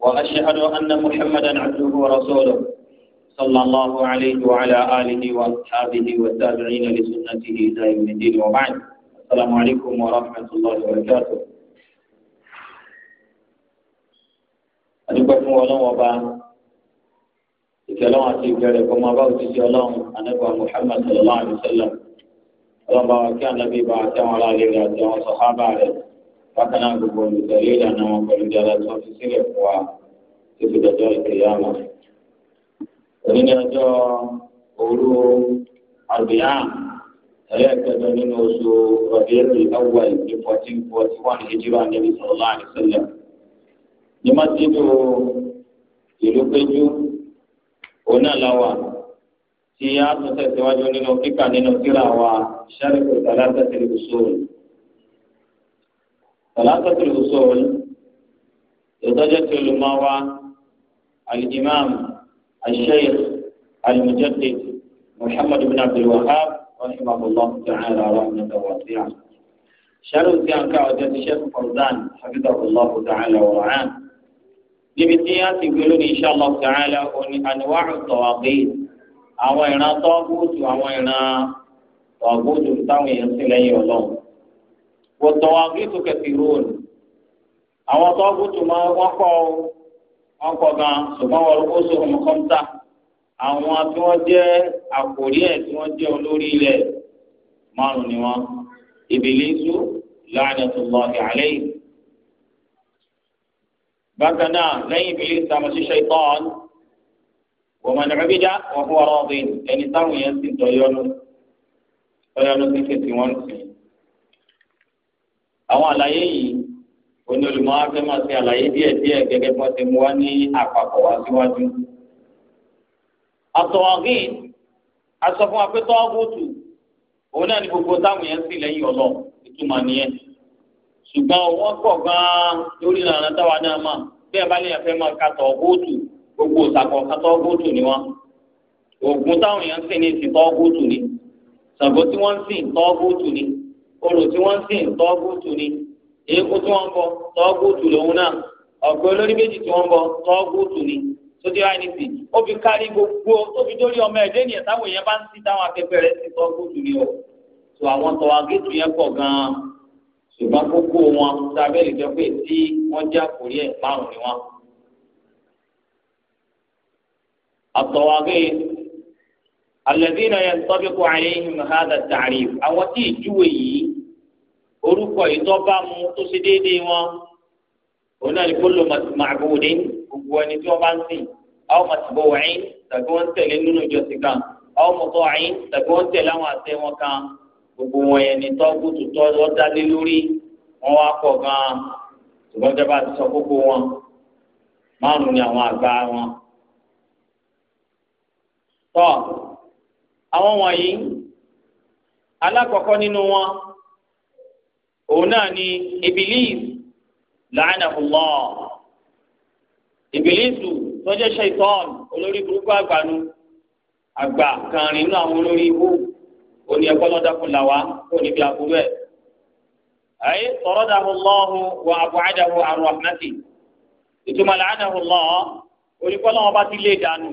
وأشهد أن محمدا عبده ورسوله صلى الله عليه وعلى آله وأصحابه والتابعين لسنته إلى يوم الدين وبعد السلام عليكم ورحمة الله وبركاته أنكم ولو وبا إكلام أتيك لكم أبوتي سيولام أنكم محمد صلى الله عليه وسلم ربما كان نبي بعثا على غيره وصحابه عليه bákan náà gbogbo olùdarí ìlànà wọn pẹ̀lú dára tó fi sílẹ̀ fún wa tó fi dọjọ́ ìkẹyàmọ̀. onílé ọjọ́ òru àbíyá ẹlẹ́ẹ̀kẹjọ nínú oṣù rọ̀bíẹ́lì awùwà ìdí fourteen forty one hijira níbi sọ̀rọ̀ láàrin sílẹ̀. ní mọ́tíìdù ìlú péjú òun náà láwà tí a tún tẹ̀síwájú nínú kíkà nínú kíra wa sharh thalathatil usul. ثلاثة الأصول لدرجة المروة الإمام الشيخ المجدد محمد بن عبد الوهاب رحمه الله تعالى رحمة واسعة شرط كان كعودة الشيخ فرزان حفظه الله تعالى ورعاه نبتيات يقولون إن شاء الله تعالى أنواع الطواغيت أوينا طاغوت وأوينا طاغوت تاوي يصل الله wọtọwàgìtù kẹfìrún àwọn tọgùtù máa wọn kọ wọn kọ gan ṣùgbọ́n wọn kó sóhun kọńtà àwọn tí wọn jẹ àkórí ẹ tí wọn jẹ olórí rẹ̀ márùn ni wọn ìbílísù la'natullahi alayhi bákan náà lẹ́yìn ìbílísù àmọ́ sí ṣaitan wa man 'ubida wa huwa radin ẹni táwọn yẹn sì tọyọnu tọyọnu títí tí wọn sì àwọn àlàyé yìí oní olùmọ̀ afẹ́ máa ṣe àlàyé díẹ̀ díẹ̀ gẹ́gẹ́ bí wọ́n ti mú wá ní àpapọ̀ wá síwájú. àtọ̀wọ̀gìn aṣọ fún apẹ́tọ́ ọ̀gùtù òun náà ní gbogbo táwọn yẹn sì lẹ́yìn ọlọ́ ìtumọ̀ nìyẹn ṣùgbọ́n wọ́n pọ̀ gan-an lórí ìlànà táwa náà mà bẹ́ẹ̀ bá lè fẹ́ máa katọ̀ ọ̀gùtù gbogbo ìsàkọ̀ katọ̀ ọ̀gùtù ni wọ́n ògùn táwọn yẹn sì ní ti tọ́ ọ̀gùtù ni ṣàgbọ́n tí wọ́n sì tọ́ ọ̀gùtù ni olù tí wọ́n ń sìn tọ́gùtù ni èkó tí wọ́n ń bọ tọ́gùtù lòun náà ọ̀gbẹ́ olórí méjì tí wọ́n ń bọ tọ́gùtù ni sódì àìníṣì ó fi kárí gbogbo ó fi dórí ọmọ ẹ̀dẹ́ nìyẹn táwọn èèyàn bá ń sí táwọn akẹgbẹ́ rẹ̀ sí tọ́gùtù ni o tó àwọn tọ́ agéjù yẹn pọ̀ gan-an ṣùgbọ́n kókó wọn sábẹ́lì jọ pé tí wọ́n já kórí ẹ̀ márùn-ún ni wọ́n. الطواغيت الذين ينطبق عليهم هذا التعريف أو تيجوي orúkọ ìtọ́ba mu tó ṣe déédéé wọn òun náà ní kóló màgbóde gbogbo ẹni tí wọ́n bá ń sìn àwọn màtìbọ̀ wáyé tàbí wọ́n ń tẹ̀lé nínú ìjọsìn kan àwọn mọ̀tọ́ wáyé tàbí wọ́n ń tẹ̀lé àwọn àṣẹ wọn kan gbogbo wọn yẹn ní tọ́gùtù tọ́ dálé lórí wọn wá pọ̀ gan-an ṣùgbọ́n ti sọ gbogbo wọn márùn ni àwọn àgbà wọn. tọ́ àwọn wọ̀nyí alákọ̀ọ́kọ́ nínú wọn. òun náà ni ibilis la'anahu Allah ìbílísù tó ṣaitan olórí burúkú àgbàánu àgbà kan nínú àwọn olórí ibú òní ẹ̀kọ́ lọ́dàkùn làwá kò níbi àbúrò ẹ̀. ayé taradahu Allah wa ab'adahu an rahmati ìtumọ̀ la'anahu Allah onípọ́lọ́wọ́n bá ti lé dànù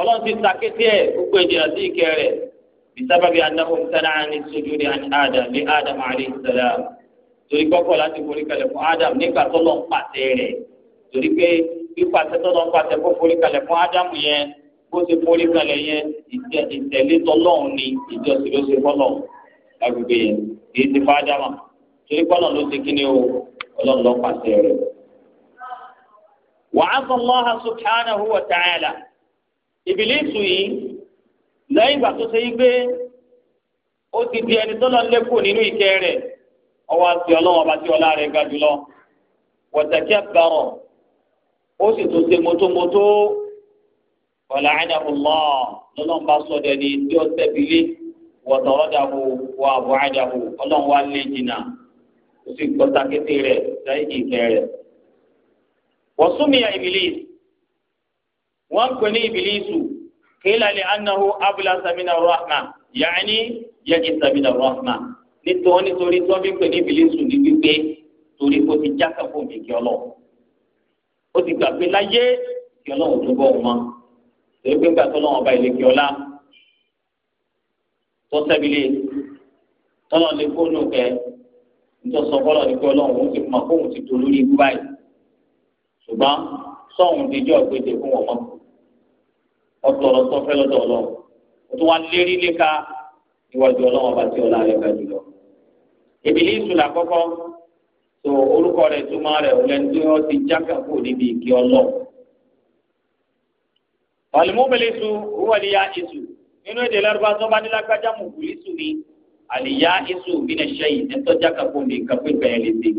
ọlọ́run ti sàkété ẹ̀ gbogbo ìjìnlẹ̀ sí ìkẹ́ بسبب أنه امتنع عن السجود عن آدم لآدم عليه السلام torí kọ́kọ́ láti forí kalẹ̀ fún Adam nígbà tó lọ́n pàṣẹ rẹ̀ torí pé pípàṣẹ tó lọ́n pàṣẹ fún forí kalẹ̀ fún Adam yẹn bó ṣe forí kalẹ̀ yẹn ìtẹ̀lé tọ́lọ́hún ni ìjọsìn ló ṣe fọ́lọ̀ agbègbè yẹn kì í ti fún Adam torí kọ́lọ̀ ló ṣe kíni o ọlọ́run lọ́n pàṣẹ rẹ̀. wàá sọ lọ́hà subhanahu wa ta'ala Ìbílísù yìí. lẹyìn ìgbà tó ṣe yí pé ó ti di ẹni tó lọ lékò nínú ìkẹ́ rẹ̀ ọwọ́ àti ọlọ́wọ́ bá ti ọlá rẹ̀ ga jùlọ wọ̀tẹ̀kẹ́ bẹ̀rọ̀ ó sì tún ṣe mọ́tómọ́tó ọ̀là àdàbọ̀lọ́ lọ́lọ́run bá sọ dẹni tí ó tẹ̀bílé wọ̀tọ̀rọ̀ dàbò wọ àbọ̀ àdàbò ọlọ́run wá lé jìnnà ó sì gbọ́ta kété rẹ̀ lẹ́yìn ìkẹ́ rẹ̀ wọ́n súnmìyà wọ́n pè qila li annahu ablasa mina rahma yaani yajisa mina rahma nítorí nítorí tí wọ́n fi ń pè ní ìbílísù ní gbígbé torí kó ti jákà fún mi kí ọlọ́run ó ti gbà pé láyé kí ọlọ́run tó bọ̀ wọn torí pé gbà tó lọ́wọ́ ọba ilé kí ọlá tó sẹ́bílẹ̀ tọ́lọ́ lè fóònù kẹ́ nítòsọ bọ́lọ̀ ní pé ọlọ́run ó ti mọ̀ fóònù ti tó lórí ikú báyìí ṣùgbọ́n sọ́ọ̀hún ti jọ́ ìpèsè fún wọn mọ́ ọtọ ọ̀rọ̀ tó fẹ́ lọ́dọ̀ Ọlọ́run o tún wá lérí léka ìwájú Ọlọ́run ọba tí ọlá rẹ̀ ga jùlọ. ìbílí ìtura kọ́kọ́ tó orúkọ rẹ̀ túmọ̀ rẹ̀ ọlẹni tí wọn ti jákè kó níbi ìkí Ọlọ́run. wàlúmọ́bìlísù wọ́n yá isu nínú èdè lárúbá tó bá nílágbájá mùkúlísù ni àlìyá isu mi nà ṣẹ́yìn ẹ̀tọ́ jákè kó níbi ìkàpé bẹ̀rẹ̀ lé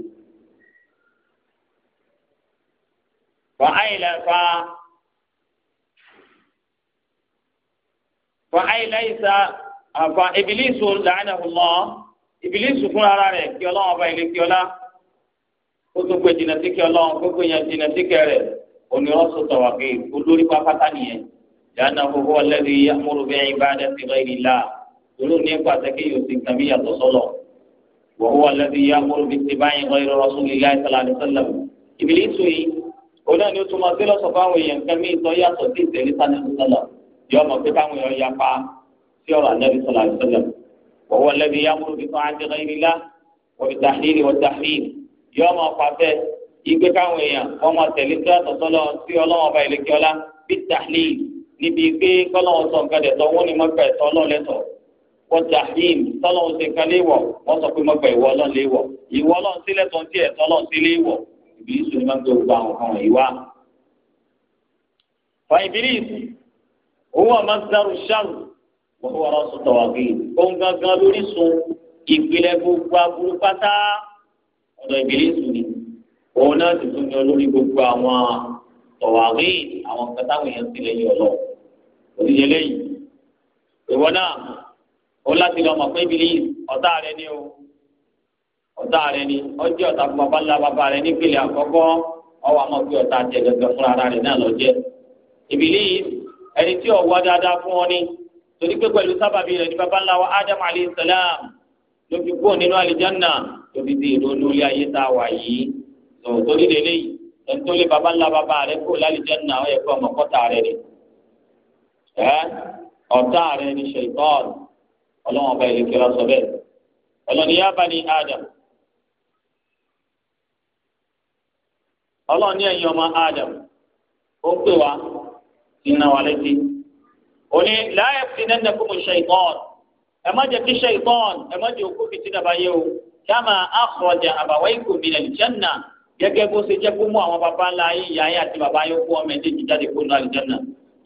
fa àìláìsà àfa ìbílísù làánàhùnmọ́ ìbílísù fúnra ara rẹ̀ kí ọlọ́run ọba ilé kí ọlá ó tún pé jìnnà sí kí ọlọ́run gbogbo yẹn jìnnà sí kẹrẹ̀ onírọ́sọ tọ̀wàkì olórí pápátá nìyẹn làánà gbogbo ọlẹ́rìí amúrúbẹ́ ìbáradẹ́ ti rẹ̀ ìlà olórí ní pàṣẹ kí yóò ti tàbí yàtọ̀ sọ́lọ̀ wọ́wọ́ alẹ́bí yá múlò bí ti báyìí wọ́n irọ́ rọ́sùlì láì sàlàyé sàlàm. ìbílísù yìí ó náà ni ó tún máa gbé lọ́sọ̀ fáwọn èèyàn kan mí ìtọ́ yàtọ̀ sí ìtẹ̀lé sàlàm sàlàm yọ ọmọ pé káwọn èèyàn ya pa sí ọ̀rọ̀ anabi sọlá ìsọlẹ wọwọ lẹbi yamuru bí fún adé ghayrilá wọbi tahiri wọ tahiri yọ ọmọ pàṣẹ igbe káwọn èèyàn wọn mọ tẹlẹ tí wọn sọlọ sí ọlọ́run ọba ìlẹkẹọlá bí tahiri níbi pé kọlọrun sọ nǹkan dẹtọ wọn ni mọgbà ẹtọ ọlọ́run lẹtọ wọ tahiri tọlọ́run ṣe nǹkan léwọ wọn sọ pé mọgbà ìwọ ọlọ́run léwọ ìwọ ọlọ́run sílẹ tó ń tiẹ tọlọ́run sí léwọ ìbílísù ni mọgbà òkú àwọn kan ìwà. fa ìbílísù òun àmà gbàrú ṣàrù wọ́n wọ́n rọ́ọ̀sù tọ̀wọ́gì òun gangan lórí sun ìpìlẹ̀ gbogbo aburú pátá ọ̀dọ̀ ìbílẹ̀ sùn ni òun náà sì tún ní olórí gbogbo àwọn tọ̀wọ́gì àwọn kẹtàwọn èèyàn ti lẹ́yìn ọ̀lọ́ òdíje lẹ́yìn ìwọ náà ó láti lọ mọ̀ pé ìbílẹ̀ ọ̀tá rẹ ni o ọ̀tá rẹ ni ọjọ́ ọ̀tá fún baba ńlá baba rẹ nípìnlẹ̀ àkọ́kọ́ ọwọ́ àmọ́ pé ọ̀tá jẹ gẹ́gẹ́ fúnra rẹ náà lọ jẹ ìbílẹ̀ ẹni tí ọwọ́ dáadáa fún ọ ni torí pé pẹ̀lú sábàbí rẹ̀ ní baba ńlá wa adam alayhi salam ló fi kúrò nínú àlìjánná ló fi di ìrònú ilé ayé tá a wà yìí tó torí lélẹ̀ yìí ẹni tó lé baba ńlá baba rẹ̀ kúrò lálìjánná ó yẹ ọmọ kọ́ta rẹ̀ ni ẹ ọ̀tá rẹ̀ ni ṣèkọ́ọ̀lù ọlọ́wọ́n ọba ìlẹ̀kẹ́ra sọ bẹ́ẹ̀ ọlọ́ni yá ẹ̀yin ọmọ adam ó ń pè wá iná wa létí. ó ní láyé fìdí ẹ̀dá kó mo ṣe ìtọ́n ẹ má jẹ́ kí ṣe ìtọ́n ẹ má jẹ́ òkú fìtí dàbá yé o kama akhraja abawaykum min al-janna gẹ́gẹ́ bó ṣe jẹ́ kó mú àwọn baba ńlá yín ìyá yín àti baba yín kó ọmọ ẹ̀dẹ́ jíjáde kó nù al-janna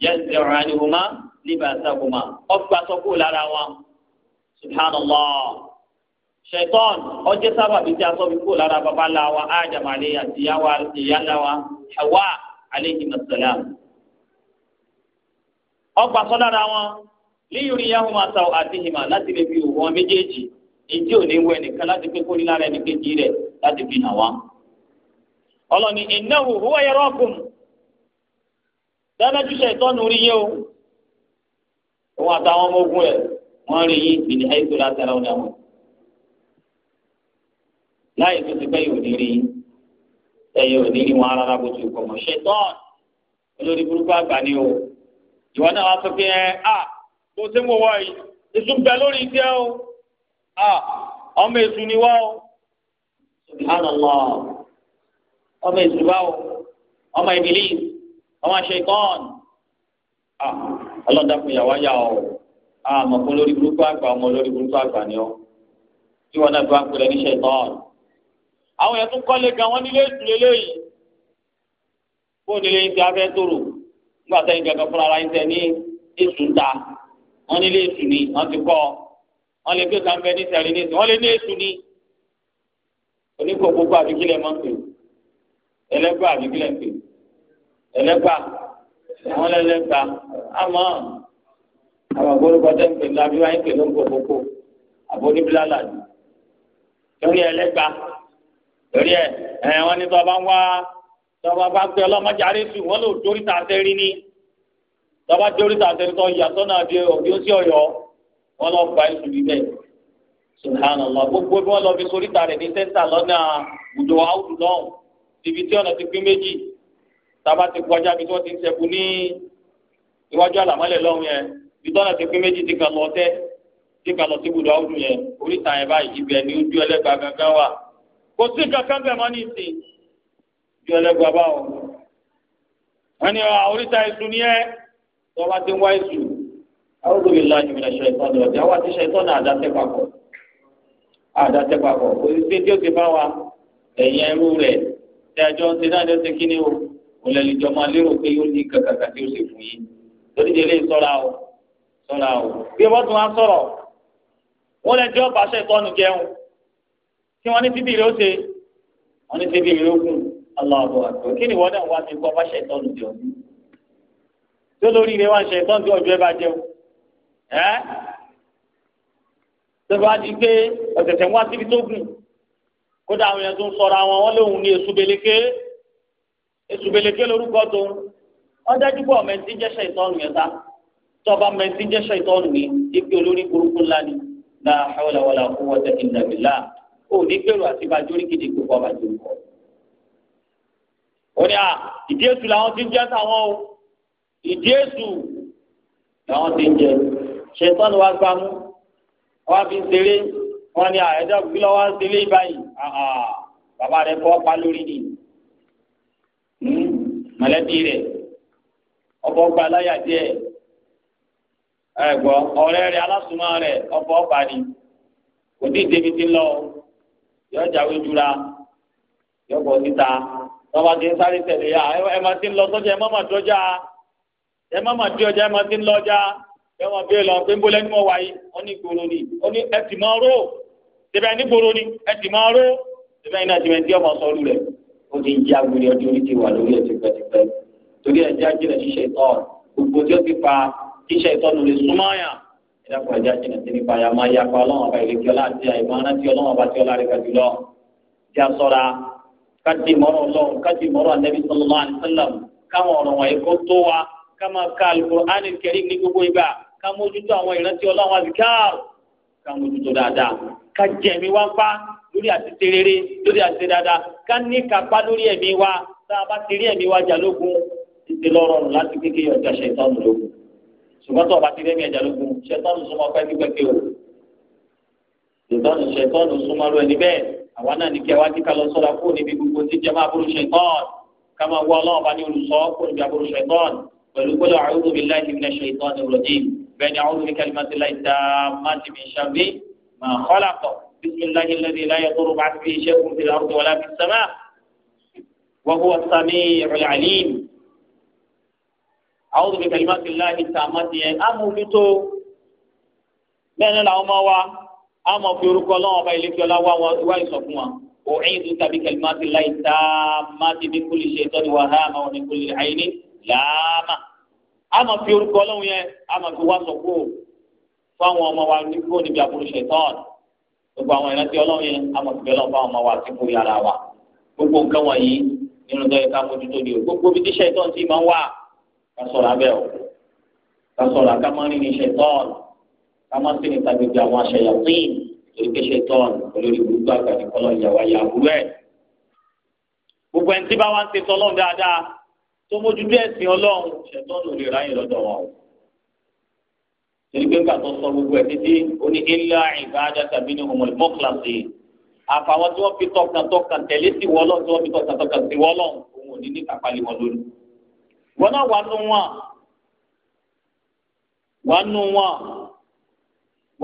yanzi'u anhuma libasahuma ọgbà sọ́kù lára wọn subhanallah shaitan ọjọ́ sábà bíi tí a sọ fi kó lára baba ńlá wa ájàmálẹ̀ àti ìyá ńlá wa hawa aleyhi masalam ọgbà sọ́dára wọn líyùrí yahoo máa sa àdéhìmá láti lè fi òwò wọn méjèèjì èjì ní wọ ẹnìkan láti pé kórìíra rẹ rẹ láti fi wọn. ọlọ́ni dáná ìtọ́nu rí yé o òun àtàwọn ọmọ ogun wọ́n rí yín láyé tó ti pẹ́ yóò ní rí ẹ̀yẹ ò ní wọn bó ti kọ̀ mọ́ ṣe olórí burúkú ìwọ náà wá sọ pé ẹ ah, à ah, bó ṣe ń wọ wá yìí èso bẹ lórí ìdí ẹ o à ah, ọmọ èso ni wá o subhanallah ọmọ èso wá o ọmọ ìbílí ọmọ ṣèkọ́ọ̀n à ọlọ́dàkùn ìyàwó ayá o à mọ̀ fún lórí burúkú àgbà ọmọ lórí burúkú àgbà ni ọ tí náà tó wá pèrè ní ṣèkọ́ọ̀n àwọn yẹn tún kọ́lé gan wọn nílé ìtúlélẹ́yìn fóònù ilé yìí ti afẹ́ tó rò nígbà tẹ́yìn gẹ́gẹ́ fúnra ara yín tẹ ní èṣù ń ta wọ́n nílé èṣù ni wọ́n ti kọ́ wọ́n lè gbé kàńbẹ́ ní sẹ́rí ní wọ́n lè ní èṣù ni oníkó gbogbo àbíkílẹ̀ máa ń pè ẹlẹ́gbà àbíkílẹ̀ ń pè ẹlẹ́gbà wọ́n lẹ́lẹ́gbà àmọ́ àwọn àgbórúkọ tẹ́ ń pè ní abíwá ń pè ló ń àbóníbílálà ni torí ẹlẹ́gbà torí ẹ ẹ wọ́n ní tó ọba ń wá tọ́ba bá gbé ọlọ́mọdé arésù wọ́n lò dórí ta sẹ́rí ní tọ́ba dórí ta sẹ́rí tó yàtọ̀ náà di òbí ó sí ọ̀yọ́ wọ́n lọ gba èsù bíbẹ̀ subhanallah gbogbo bí wọ́n lọ fi sórí ta rẹ̀ ní sẹ́ńtà lọ́nà ìdò áwùjọ náà ibi tí ọ̀nà ti pín méjì tọ́ba ti kọjá bí wọ́n ti ń sẹ́kù ní iwájú àlàmọ́lẹ̀ lọ́hùn yẹn ibi tí ọ̀nà ti pín méjì ti kàn lọ tẹ́ ti kàn lọ sí ibùdó áwùjọ yẹn oríta yẹn báyìí ibẹ̀ ni ojú ẹlẹ́gbàá bí ọlẹ́gbàá bá wọn. wọ́n ní ah, oríta èṣù ni ẹ́ tí wọ́n bá ti ń wá èṣù àwọn olóyè láàyè mi lẹ́sọ̀ ìtọ́ ni ọ̀dẹ́ àwọn àti iṣẹ́ ìtọ́ náà àdáṣẹ́ papọ̀ àdáṣẹ́ papọ̀ kò sí sí tí ó ti bá wa ẹ̀yìn ẹrú rẹ̀ tí ẹjọ́ ń ṣe náà ní ọ̀sẹ̀ kínní o kò lè lìjọ máa lérò pé yóò ní kàkàkà tí ó sì fún yín lórí ìdílé sọ́ra o sọ́ra o bí ẹ bá tún wá sọ̀rọ̀ wọ́n lè jẹ́ ọ̀pá aṣẹ́ ìtọ́nu jẹun tí wọ́n ní tíbí rẹ̀ ó ṣe wọ́n ní tíbí rẹ̀ ó kùn aláàbò àgbẹ̀ kí ni wọ́n náà wá mi kọ́ bá ṣe tán lùdì ọ̀dún tó lórí rẹ wá ń ṣe tán bí ọjọ́ ẹ bá jẹun ẹ́ tó bá di pé ọ̀tẹ̀tẹ̀ wá síbi tó gùn kódà àwọn yẹn tó ń sọra wọn wọn lóhùn ní èṣù beleke èṣù beleke lórúkọ tó wọn dájú pé ọmọ ẹtí jẹ́ ṣètọ́nù yẹn ta tọba ọmọ ẹtí jẹ́ ṣètọ́nù yìí ipe olórí burúkú ńlá ni la hawla wala quwwata illa billah òní gbèrò àti bàjọ́ orí kìdí kọ́ bàjọ́ kọ́ ó ní à ìdí èṣù làwọn ti ń jẹ́ táwọn o ìdí èṣù làwọn ti ń jẹ ṣètọ́nù wa gbámú wọ́n fi ń ṣeré wọ́n ní àyẹ̀dọ́ kí lọ́wọ́ ń ṣeré báyìí bàbá rẹ̀ fọ́ pa lórí ni mọ̀lẹ́bí rẹ̀ ọ̀fọ̀ gba láyà díẹ̀ ẹ̀gbọ́ ọ̀rẹ́ rẹ̀ alásùnmọ́ rẹ̀ ọ̀fọ̀ ọ̀pá ni kò tí ì ti lọ yọjà wíjúra yọ̀bọ̀ síta tọ́ba ti ń sáré tẹ̀lé ya ẹ máa ti ń lọ sọ́jà ẹ má máa dọ́jà ẹ má máa di ọjà ẹ máa ti ń lọ́jà ẹ máa bí lọ pé ń bọ́lẹ́ ní mọ̀ wáyé wọ́n ní gbòòrò ni wọ́n ní ẹ tì máa ró tẹ̀bẹ̀ ní gbòòrò ni ẹ tì máa ró tẹ̀bẹ̀ iná tẹ̀bẹ̀ tí ọmọ sọ́ọ́lù rẹ̀ ó ti ń já gbèrè ọdún orí ti wà lórí ẹ̀ tipẹ́tipẹ́ torí ẹ̀ já jìnà ṣíṣe ìtọ́ gbogbo tí ó ti fa ṣíṣe ìtọ́nu lè súnmọ́ àyàn ìdàpọ̀ ẹ̀já jìnà sí káti mọ́rọ̀ ọlọ́run káti mọ́rọ̀ anabi sallallahu alayhi wa sallam káwọn ọ̀rọ̀ wọ̀nyí kó tó wa ká máa ka alukur'ani karim ní gbogbo ìgbà ká mójútó àwọn ìrántí ọlọ́run azikar ká mójútó dáadáa ká jẹ̀mí wá pa lórí àti tèrèrè lórí àti dáadáa ká ní kápá lórí ẹ̀mí wa tá a bá tèrè ẹ̀mí wa jà lógun ìdè lọ́rọ̀rùn láti kékeré ọjà ṣẹ̀tàn lógun ṣùgbọ́n tó o bá ti rẹ́mi ẹ̀jà lógun ṣẹ̀tàn súnmọ́ pẹ́kípẹ́kí o ṣẹ̀tàn súnmọ́ lọ ẹni bẹ́ẹ̀ àwa náà ní kí àwa ti ká lọ sọ́ra kó níbi gbogbo tí jẹ́ máa burú ṣẹ̀tọ́n ká máa wọ ọlọ́run bá ní olùsọ kó níbi aburú ṣẹ̀tọ́n pẹ̀lú gbọ́dọ̀ a'udhu billahi minash shaitanir rajim bẹ́ẹ̀ ni a'udhu bi kalimatillahi tammati min sharri ma khalaq bismillahi alladhi la yadurru ma'a ismihi shay'un fil ardi wala fis sama' wa huwa as-sami'ul 'alim. a'udhu bi kalimatillahi àmọ́ fi orúkọ ọlọ́wọ́n ọba ilé fiọlá wá wọn wá ìsọ̀ fún wa òhìn tó tàbí kẹlímàtì láì tá a má ti bí kúlì ṣe tọ́ni wà há àmọ́ ní kúlì àyíní làámà àmọ́ fi orúkọ ọlọ́wọ́n yẹn àmọ́ fi wá sọ kú fún àwọn ọmọ wa ní kó níbi àbúrò ṣe tọ́ọ̀nù gbogbo àwọn ìrántí ọlọ́wọ́n yẹn àmọ́ fi bẹ́ẹ̀ fún àwọn ọmọ wa ti kú yàrá wa gbogbo nǹkan wọ̀nyí nínú tó yẹ ká mójútó di o gbogbo bí tíṣẹ́ ìtọ́n ti máa kámá sí ní tàbíbi àwọn aṣẹyà pín torí pé ṣe tán olórí gbogbo àgbà ní kọ́lọ́ ìyàwó ayé àbúrò ẹ̀. gbogbo ẹni tí bá wá ń ṣe tọ́lọ́ dáadáa tó mójútó ẹ̀sìn ọlọ́run ṣẹ̀tọ́n ló lè ráyè lọ́dọ̀ wọn. torí pé nígbà tó sọ gbogbo ẹ̀ títí ó ní ilá ìbáradá tàbí ní homo mọ́kìláṣí àfàwọn tí wọ́n fi tọkàntọkàn tẹ̀lé sí wọ́lọ́ tí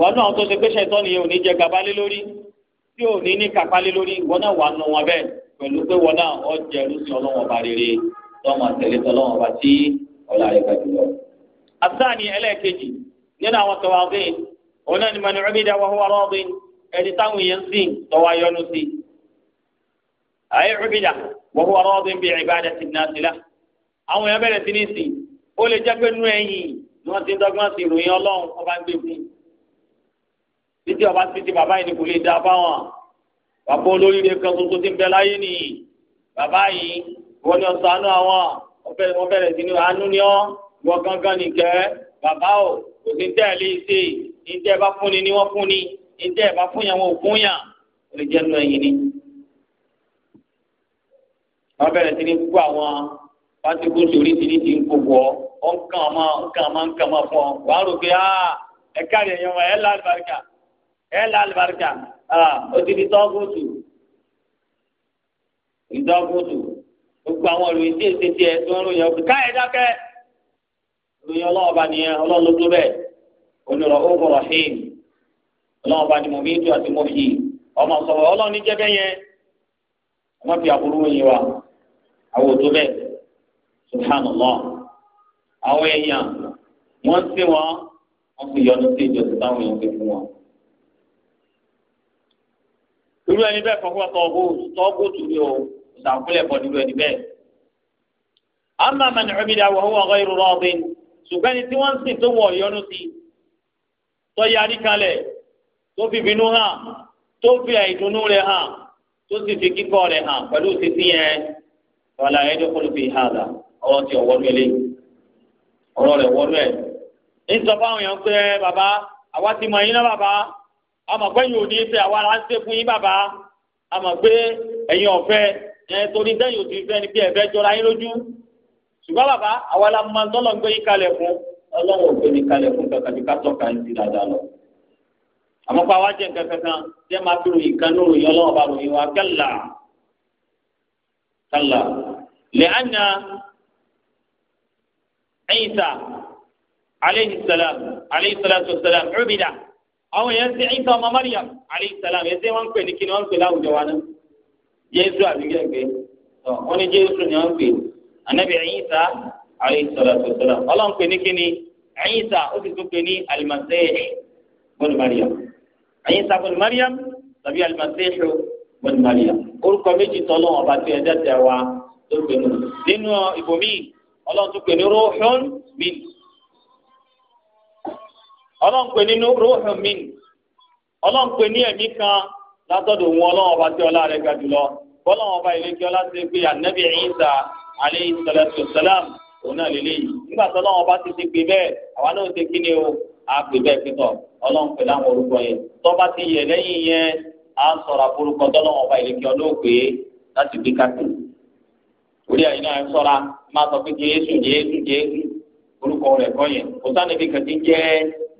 wọn náà tó ṣe pé ṣẹtọ nìyẹn ò ní jẹ gàba lé lórí tí ò ní ní kápá lé lórí wọn náà wà nù wọn bẹ́ẹ̀ pẹ̀lú pé wọn náà ọ jẹ ẹrúsìn Ọlọ́run ọba rere tọmọ tẹlẹ tọlọ́run ọba tí ọlá rẹ̀ gbàdú lọ. asáàní ẹlẹ́ẹ̀kejì nínú àwọn tọwádìí òun náà ni mọ̀nì ọ̀bídà wà hùwà rọ́ọ̀dì ẹni táwọn èèyàn sìn tọwọ́ ayọ́nu sí. àyè ọ̀bídà wà hùwà rọ́ọ̀dì wọ́n ti títí ọba títí bàbá yìí ni kò lè dá báwọn bàbá olóríire kan tuntun ti ń bẹ láyé nìyí bàbá yìí wọn ni ọsàn àánú àwọn wọn bẹ̀rẹ̀ sí ní àánú ni ọ wọn gangan nìkẹ́ bàbá o kò sí tẹ́ ẹ lè ṣe níjẹ́ ẹ bá fún ni ni wọ́n fún ni níjẹ́ ẹ bá fún yàn wọn ò fún yàn ó lè jẹ́ nù ẹ̀yìn ni. wọn bẹ̀rẹ̀ sí ní kú àwọn pátíkù sórí ti ní ti ń kó bọ̀ ọ́ ń kàn máa ń kàn máa ń kàn máa fún ọ wàá rò pé ẹ káàdì ẹ̀yàn ẹ̀ láàrín bàríkà. ẹ là àlùbáríkà òdìdí tọ́gùtù ìdọ́gùtù gbogbo àwọn ìròyìn tí èsì tiẹ̀ tó ń ròyìn ọ̀gbìn káyẹ̀ dákẹ́ ìròyìn ọlọ́ọ̀bá nìyẹn ọlọ́run tó bẹ́ẹ̀ onírọ̀ ọ̀gbọ̀n rahim ọlọ́ọ̀bá ni mo bí àti ọmọ sọ̀rọ̀ ọlọ́run jẹ́bẹ́ yẹn fi àbúrò wa àwọn èèyàn wọ́n ń wọ́n wọ́n fi irú ẹni bẹ́ẹ̀ kọ́kọ́ tọ́gbó tọ́gbó tùbí o sàkúlẹ̀ bọ̀ nínú ẹni bẹ́ẹ̀. àmà mẹ́ni ọ̀bìdà wọ̀ wọ́n ọ̀gọ́ irú rọ́ọ̀bì ṣùgbọ́n ẹni tí wọ́n ń sìn tó wọ̀ yọnu sí tó yarí kalẹ̀ tó fi bínú hàn tó fi àìdùnnú rẹ̀ hàn tó sì fi kíkọ́ rẹ̀ hàn pẹ̀lú títí yẹn wàlà ẹ̀dọ́kọ̀lù fi hàdà ọ̀rọ̀ ti ọ̀wọ́nú ẹlẹ́ ọ̀rọ̀ rẹ̀ wọ́nú ẹ̀. ń sọ fáwọn èèyàn pé bàbá àwa ti mọ̀ yín náà bàbá amagbẹ́yìn òní fẹ́ àwa la ń ṣe Baba yín bàbá amagbé ẹ̀yin ọ̀fẹ́ ẹ̀ torí sẹ́yìn òsì fẹ́ ni bí ẹ̀fẹ́ jọra yín lójú ṣùgbọ́n bàbá àwa la máa ń tọ́lọ̀ ń gbé yín kalẹ̀ fún ọlọ́run ò gbé yín kalẹ̀ fún kankan bí ká tọ́ka yín sí dáadáa lọ. àmọ́ pa wá jẹ́ nǹkan kankan jẹ́ máa fi ròyìn kan lóru yín ọlọ́run bá ròyìn wa kẹ́là kẹ́là lè á nya ẹ̀yìn sà aleyhi salam aleyhi salatu salam ọ̀bìdà àwọn èèyàn ṣe Ìsá ọmọ Maryam alayhi salam ẹsẹ wọn ń pè ní kí ni wọn ń pè láwùjọ wa náà Jésù àbígẹgbẹ wọn ní Jésù ni wọn ń pè anabi Ìsá alayhi salatu wassalam Ọlọ́run pè ní kí ni Ìsá ó sì tún pè ní al-Masih ibn Maryam Ìsá ibn Maryam tàbí al-Masih ibn orúkọ méjì tọ́lọ́ ọba tí ẹ̀dá tẹ̀ wá tó pè nù nínú ibòmíì Ọlọ́run tún pè ní róhùn míì ọlọ́run pè nínú ruhun min ọlọ́run pè ní ẹ̀mí kan látọ̀dọ̀ òun ọlọ́run ọba tí ọlá rẹ̀ ga jùlọ bọ́lọ́run ọba ilé kí ọlá ṣe pé ànábì Ìsá alayhi salatu wassalam òun náà lélẹ́yìí nígbà tó ọlọ́run ọba ti ti pè bẹ́ẹ̀ àwa náà ti kí ni o a pè bẹ́ẹ̀ pítọ̀ ọlọ́run pè láwọn orúkọ yẹn tó ti yẹ lẹ́yìn yẹn a sọ̀rọ̀ àforúkọ tọ́lọ́run ọba ilé kí orúkọ rẹ̀ kọ́ yẹn kò sáà níbi kàtí jẹ́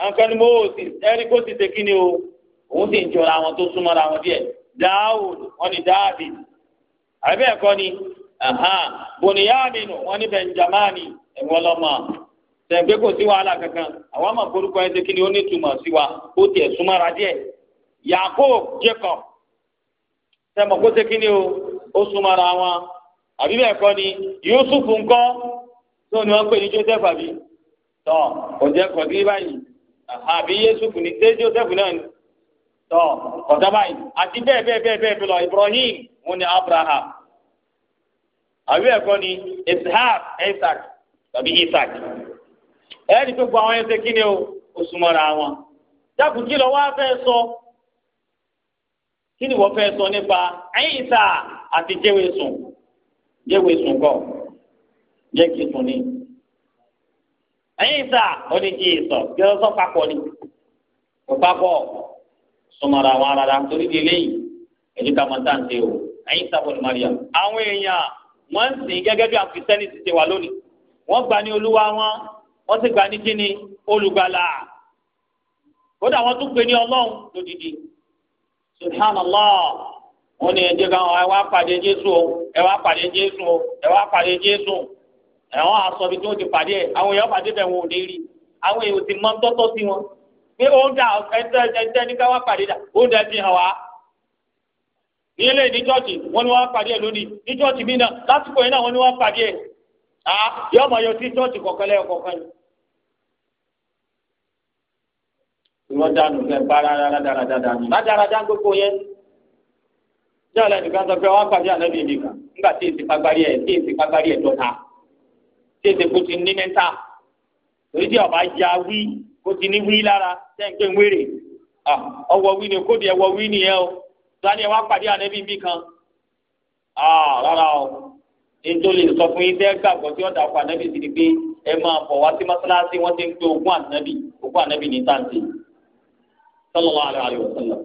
àwọn kan ní ti ṣe kí o òun sì ń jọra àwọn tó súnmọ́ra wọn díẹ̀ wọn ni Dáàbì àbẹ́ ẹ̀kọ́ ni Bùnìyàmínù wọn ni Bẹ̀njámánì ẹ̀wọ́n lọ́mọ tẹ̀gbẹ́ kò sí wàhálà kankan àwọn forúkọ ẹ̀ ṣe kí ni ó ní túmọ̀ sí wa ó tiẹ̀ díẹ̀ Yakob Jacob tẹ̀mọ̀ kó ṣe kí ni o ó sumara wọn àbí bẹ́ẹ̀ ni Yusuf tó ni wọ́n pè ní Joseph àbí tọ́ àbí yéṣùfù ní ṣé jósẹ́fù náà tọ ọ̀dà báyìí àti bẹ́ẹ̀ bẹ́ẹ̀ bẹ́ẹ̀ bẹ́ẹ̀ bẹ́ẹ̀ lọ ibrahim wọn ni abraham àbí ẹ̀kọ́ ni ishaq isaac tàbí isaac ẹ̀ẹ́dì tó gba àwọn ẹsẹ̀ kíni o òṣùmọ̀ra wọn dákun kí lọ wá fẹ́ sọ kí ni wọ́n fẹ́ sọ nípa isa àti jẹ́wèé sùn jẹ́wèé sùn kọ́ jẹ́ sùn ni ẹ̀yìnsà oníjì ìsọ̀ kí wọ́n sọ papọ̀ ni kò papọ̀ sọmọra àwọn arara torí di eléyìí èyí ká máa tàn sí o ẹ̀yìnsà bọ̀ ní Maria. àwọn èèyàn wọ́n ń sìn gẹ́gẹ́ bí àfisẹ́ni ti ṣe wà lónìí wọ́n gbà ní olúwa wọn wọ́n sì gbà ní kíni olùgbàlà kódà wọ́n tún pè ní ọlọ́run lódìdí subhanallah wọ́n ní ẹ̀jẹ̀ kan ẹ wá pàdé Jésù o ẹ wá pàdé Jésù o ẹ wá pàdé Jésù o ẹ̀wọ̀n asọ̀bi tó ti pàdé ẹ̀ àwọn èèyàn pàdé bẹ̀ wọn ò ní rí àwọn èèyàn ti mọ tọ́tọ́ sí wọn pé oúnjẹ ẹ̀ńtẹ́ ní ká pàdé dà oúnjẹ ti hàn wá. ní ilé ní chọ́ọ̀chì wọn ni wọ́n pàdé ẹ̀ lónìí ní chọ́ọ̀chì mi náà lásìkò yẹn náà wọn ni wọ́n pàdé ẹ̀ yọ mọ̀ yọ sí chọ́ọ̀chì kọ̀ọ̀kan lẹ́yọ kọ̀ọ̀kan yìí. ìwọ́n dànù tí èsè kó ti ní mẹ́ta torí tí ọba ya wí kó ti ní wí lára sẹ́ńpé wéré ọwọ́ wí ni kóde ẹwọ́ wí ni ẹ o sani ẹ wá pàdé ànẹ́bí bí kan rárá o nítorí sọ fún yín tẹ́ gbàgbọ́ tí ọ̀dà ọkọ̀ ànẹ́bí sì ni pé ẹ máa bọ̀ wá sí mọ́sálásí wọ́n ti ń pe ogún ànẹ́bí ogún ànẹ́bí ní tàǹtì sallallahu alaihi wasallam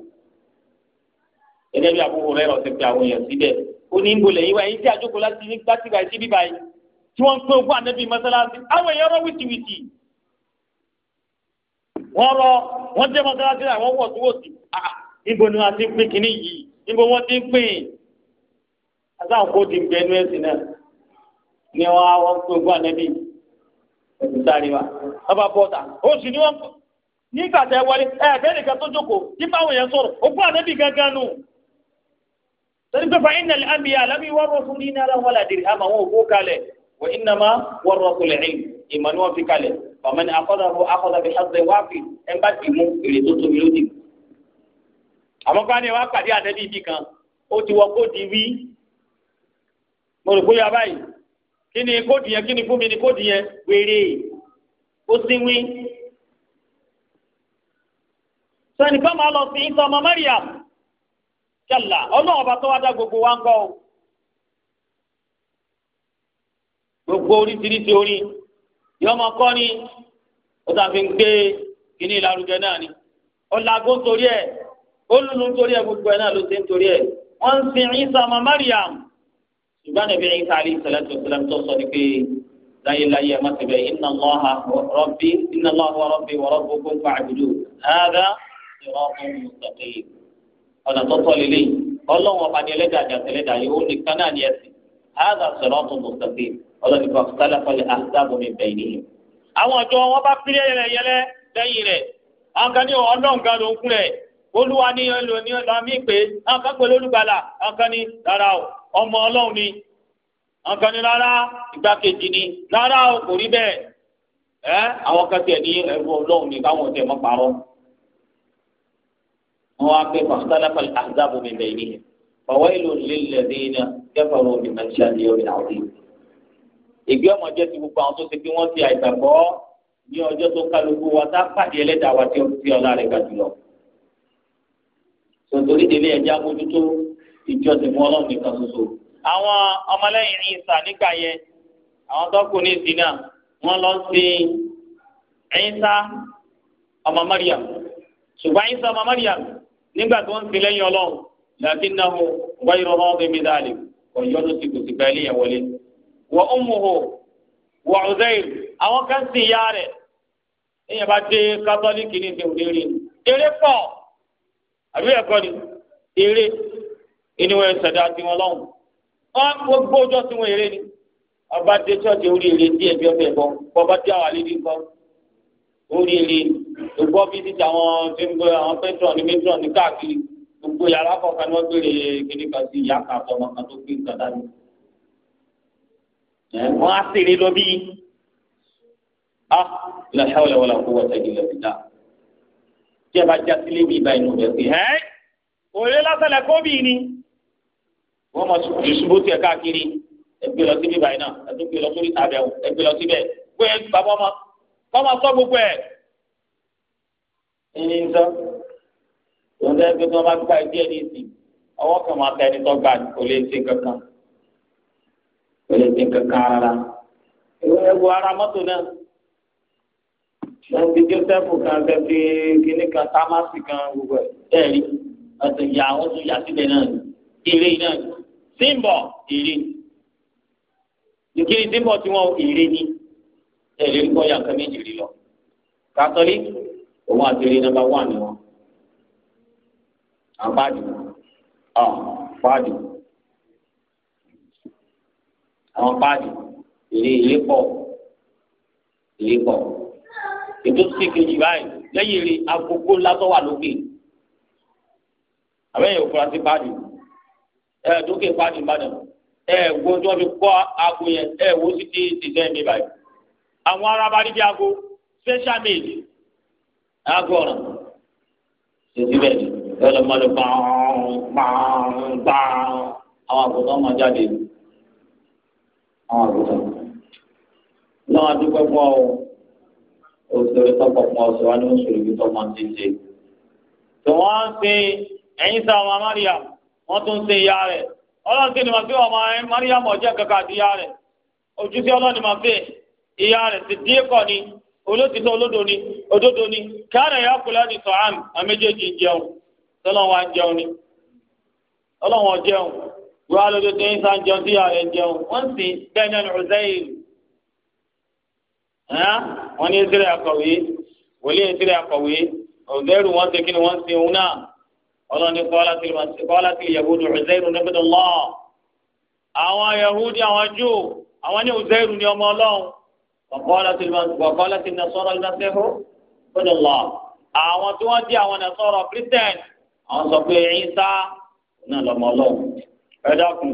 gẹ́gẹ́ bí Abu Hurairah ti pe àwọn èèyàn síbẹ̀ ó ní ń bolẹ̀ yín yín tí àjókòó láti ní gbàtìgbà tí wọ́n ń pé ogún ànábì mọ́sálásí àwọn èèyàn rọ wìtìwìtì wọ́n rọ wọ́n jẹ́ mọ́sálásí àwọn wọ̀túwọ̀tì ah, níbo ni wọ́n ti ń pín kínní yìí níbo wọ́n ti ń pín asáwọn kó ti ń bẹ ẹnu ẹ̀sìn náà ni wọ́n á wọ́n pé ogún ẹ̀sìn sáré wa wọ́n bá ó sì ní wọ́n nígbà tẹ wọlé ẹ̀ẹ́dẹ́ nìkan tó jókòó nípa àwọn èèyàn sọ̀rọ̀ gángan nù wa innama warrasu al-ilm ìmọ̀ ni wọ́n fi kalẹ̀ bàmọ́ ni akhadahu akhadha bi hazzin wafir ẹ̀ ń bá ti mú èrè tó tóbi lódì. àmọ́ ká ní wàá pàdé àtẹ́bí ibì kan ó ti wọ kóòdì wí mo rò bóyá báyìí kí ni kóòdì yẹn kí ni fún mi ni kóòdì yẹn wéré ó sì wí. sẹ́ni bá máa lọ sí ìtàn ọmọ Mariam kẹlà ọlọ́run ọba tó wá dá gbogbo wa ń gbọ́ o gbogbo oríṣiríṣi orin yọmọ kọ́ni ó tàbí ń gbé kíní ìlarugẹ náà ni ọ̀làgó torí ẹ̀ olùlù torí ẹ̀ gbogbo ẹ̀ náà ló ti ń torí ẹ̀ wọ́n ń sin Isa ọmọ Mariam ṣùgbọ́n nàbí Isa alayhi salatu wa salam tó sọ ni pé láyéláyé ẹ̀ má ti bẹ̀ inna Allaha rabbi inna Allaha wa rabbi wa rabbukum fa'budu hadha siratun mustaqim ọ̀nà tó tọ́ lélẹ́yìn ọlọ́run ọba ni ẹlẹ́dàá àjàtẹ̀lẹ́dàá yìí ó nìkan náà ni ẹ̀sìn hadha siratun mustaqim ọlọ́ni kan sálà fọlẹ̀ àṣàbò mi bẹ̀ yìí. àwọn ọjọ́ wọn bá pílẹ̀ rẹ̀ yẹlẹ́ lẹ́yìn rẹ̀ àwọn kan ní ọlọ́ǹkan ló ń kún rẹ̀ olúwa ní ẹlòmí ọlọ́mí pé àwọn kan pẹ̀lú olùgbàlà àwọn kan ní rárá o ọmọ ọlọ́run ni àwọn kan ní rárá ìgbákejì ni rárá o kò rí bẹ́ẹ̀ ẹ́ àwọn kan tiẹ̀ ní ẹ̀rọ ọlọ́run ni káwọn ọ̀tẹ̀ mọ́ parọ́ wọn wá pé fàtàlà fàlẹ̀ àṣàbò mi bẹ̀ yìí fọwọ́ ìlú lílẹ̀ dé iná kẹfà ègbé ọmọ jẹ́ ti gbogbo àwọn tó ṣe pé wọ́n ti àìgbàgbọ́ ní ọjọ́ tó kálukú wa tá pàdé ẹlẹ́dàá wa tí ọlá rẹ̀ ga jùlọ. sọ̀tòrí délé ẹ̀já mójútó ìjọsìn fún ọlọ́run nìkan ṣoṣo. àwọn ọmọlẹ́yìn ìsà nígbà yẹn àwọn tó kù ní ìsìn náà wọ́n lọ sí ẹ̀yìnsá ọmọ Mariam ṣùgbọ́n ẹ̀yìnsá ọmọ Mariam nígbà tó ń sin lẹ́yìn ọlọ́run làkínnáhùn wáyé rọ́ọ̀dẹ́mídàlì kò yọ́nù sí kò sì gbà ẹlẹ́yìn wọlé wọ ọmọhò wọ ọ̀zẹ́yìn àwọn kan sì yá rẹ̀ ẹ̀yìn bá dé kátólíìkì ní ìdè òde rí eré pọ̀ àbí ẹ̀kọ́ ni eré ìníwọ̀n ìṣẹ̀dá tiwọn lọ́hùn wọn gbogbo ọjọ́ tiwọn eré ni ọba dé ṣọ́ọ̀ṣì orí eré díẹ̀ bí ọbẹ̀ bọ́ bọ́ba dé àwọn àlejò kọ́ orí eré gbogbo bí títí àwọn tí ń gbé àwọn pẹ́trọ̀ ní mẹ́trọ̀ ní káàkiri gbogbo yàrá kọ̀ọ̀kan gbére kíní kan sí ìyá àtọmọ kan tó gbé nǹkan dání wọn á sì rí lọ bí a la hawla wala quwwata illa billah tí ẹ bá já sílé mi ìbá inú rẹ pé ẹ òye lásàlẹ kóbì ni wọn mọ ṣubú tiẹ káàkiri ẹgbẹ lọ síbi ìbá iná ẹgbẹ lọ sórí àbẹ̀wò ẹgbẹ lọ síbẹ̀ pé bàbá ọmọ kọmọ sọ gbogbo ẹ ẹni ń sọ lọ́dọ̀ tí wọ́n bá gbà díẹ̀ ní ìsìn ọwọ́ kan máa tẹ ẹni tó gbà kò lè ṣe kankan ní kankan rárá ẹwọ ara mọ́tò náà wọ́n fi joseph kan fẹ́ fi kíní kan tamasi kan gbogbo ẹ̀ ẹ̀rí ọ̀tún ya àwọn tún yà sílẹ̀ náà eré náà símbọ̀ eré nìkiri símbọ̀ tí wọ́n eré ní ẹ̀rí kọ́ ya nǹkan méjì rí lọ kátólí òun àti eré nàmbà wà ní wọn àpáàdì ọ̀ pàdé àwọn páàdì ìlé ìlé pọ̀ ìlé pọ̀ ètò sí kejì báyìí lẹ́yìn eré agogo látọ̀ wà lókè àbẹ́yẹ̀ òfurasí páàdì ẹ̀ẹ́dókè páàdì ìbàdàn ẹ̀ẹ́wò tí wọ́n fi kọ́ aago yẹn ẹ̀ẹ́wò sì ti ṣiṣẹ́ mi báyìí àwọn arábàdí bíi aago special made aago ọ̀ràn ṣèṣì bẹ́ẹ̀ ni lọ́lọ́mọdé gbàǹgbàǹgbàǹ àwọn àgùntàn máa jáde àwọn àgùntàn lọ́wọ́ adúpẹ́ fún ọ òṣèré tọpọ̀ fún ọ̀sẹ̀ wa ní òṣèré bí tọpọ̀ ti ṣe. sá ọmọ mariam wọ́n tún ń ìyá rẹ̀ ọlọ́run sì ni màá fi ọmọ mariam àti ìyá rẹ̀ ojúṣe ọlọ́run ni màá fi ìyá rẹ̀ sì díẹ̀ kọ́ ni olótìtọ́ ni ni ìyá ni sọ̀hán jẹun tọ́lọ́wọ́n wọ́n á lọ́dọ̀ tó ń sá jẹun sí ààrẹ jẹun wọ́n sì bẹ́ẹ̀ náà Uzair wọ́n ní ìsirẹ̀ akọ̀wé wòlíì ìsirẹ̀ akọ̀wé ọ̀dẹ́rù wọn ṣe kí ni wọ́n ṣe òun náà ọlọ́ni kọ́lá ti yahudu Uzair nígbàdàn lọ́ àwọn yahudi àwọn jù àwọn ní Uzair ní ọmọ ọlọ́run kọ́lá ti nasọ́rọ̀ ìdásẹ́hó gbọ́dọ̀ lọ́ ẹ̀dá kun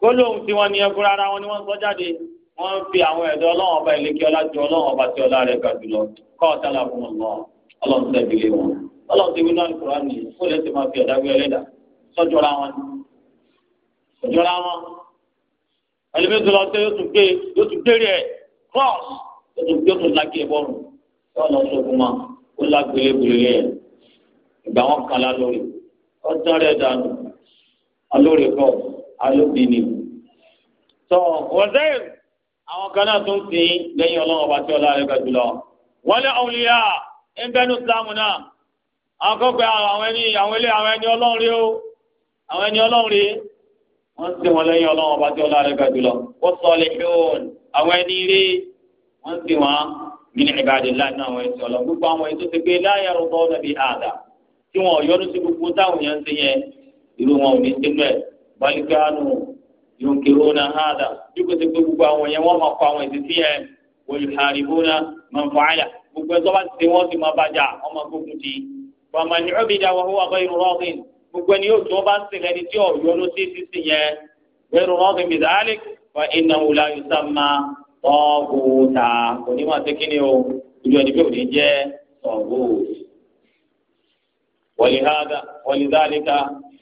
gbólóhùn tí wọ́n ní ẹkún rárá wọn ni wọ́n sọ jáde wọ́n fi àwọn ẹ̀dọ́ ọlọ́run ọba ìlékè ọlá ju ọlọ́run ọba tí ọlá rẹ̀ ga jùlọ kọ́ ọ̀tá làkùn ọ̀nà ọlọ́run tẹ̀lé wọn ọlọ́run ti wí náà kúrò ní kó lè ti máa fi ẹ̀dá wí ẹlẹ́dà sọ́jọ́ra wọn sọ́jọ́ra wọn ẹlẹ́mẹ́tò lọ sí yóò tún gbé yóò tún gbé rẹ̀ cross yóò tún yóò tún lákì ẹ̀bọ̀rùn yóò lọ sókun ma ó lágbélébùrè rẹ̀ ìgbà wọn kan lá lórí ọ̀tá rẹ̀ dànù alórèkọ alóbìnì. sọ wọ́sẹ̀rì àwọn kan náà tún fi lẹ́yìn ọlọ́run ọba tí ọlá rẹ̀ ga jùlọ. wọ́n lé ọ̀húnlẹ́yà ń bẹ́nu sílámù náà. àwọn kan pé àwọn ẹni àwọn ilé àwọn ẹni ọlọ́run rí o àwọn ẹni ọlọ́run rí wọ́n ń sìn wọn lẹ́yìn ọlọ́run ọba tí ọlá rẹ̀ ga jùlọ. wọ́n sọ lè ṣe òun àwọn ẹni rí wọ́n sìn wọn min ibadillah náà àwọn ẹ̀sìn irú wọn ò ní síbẹ̀ balikanu yunkiruna hada dúkọ̀ sí pé gbogbo àwọn yẹn wọ́n máa kọ àwọn ìdísí yẹn wòlù haribuna manfaala gbogbo ẹ̀sọ́ bá ti ṣe wọ́n ti máa bàjá ọmọ gbógun ti wàmà ní ọ̀bìdà wà hùwà bẹ́ẹ̀ irun rọ́ọ̀kìn gbogbo ẹni yóò tún bá ń sìn ẹni tí ọ̀yọ́ ló sí sísì yẹn irun rọ́ọ̀kìn bìtàlì wà iná wùlá yusa ma ọ̀gùtà onímọ̀ sí kíni o ìlú ẹni bí òní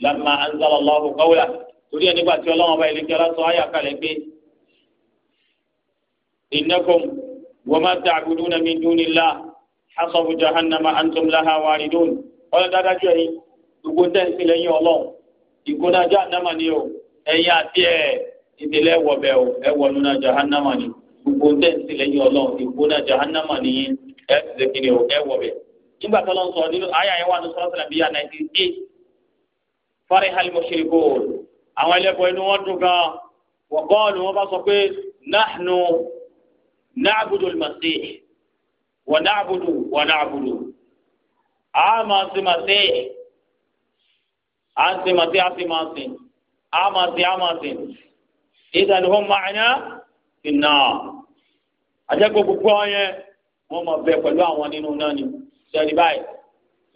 lamma anzala Allahu qawla torí ẹni gbà tí ọlọ́wọ́n bá ilé kíọ́lá sọ ayà kalẹ̀ pé innakum wa ma ta'buduna min dunillah hasabu jahannama antum laha waridun ọlọ́ dáadáa jù ẹ̀yin gbogbo tẹ́ ń sílẹ̀ yín ọlọ́run ìgbóná jahannama ni o ẹ̀yin àti ẹ̀ ìdílé wọ̀bẹ̀ o ẹ̀ wọ̀nùnà jahannama ni gbogbo tẹ́ ń sílẹ̀ yín ọlọ́run ìgbóná jahannama ni ẹ̀ ti ṣe kiri o ẹ̀ wọ̀bẹ̀ nígbà tó lọ́ sọ nínú àyà yẹn wà ní sọ́ọ́sì farihal mushrikun àwọn ẹlẹ́bọ inú wọn dùn gan wa qalu wọn bá sọ pé nahnu na'budu al-masih wa na'budu wa na'budu a máa sin masih a sin masih a sin máa sin a gbogbo ọ̀yẹn wọ́n máa bẹ pẹ̀lú àwọn nínú náà ni sẹ́ni báyìí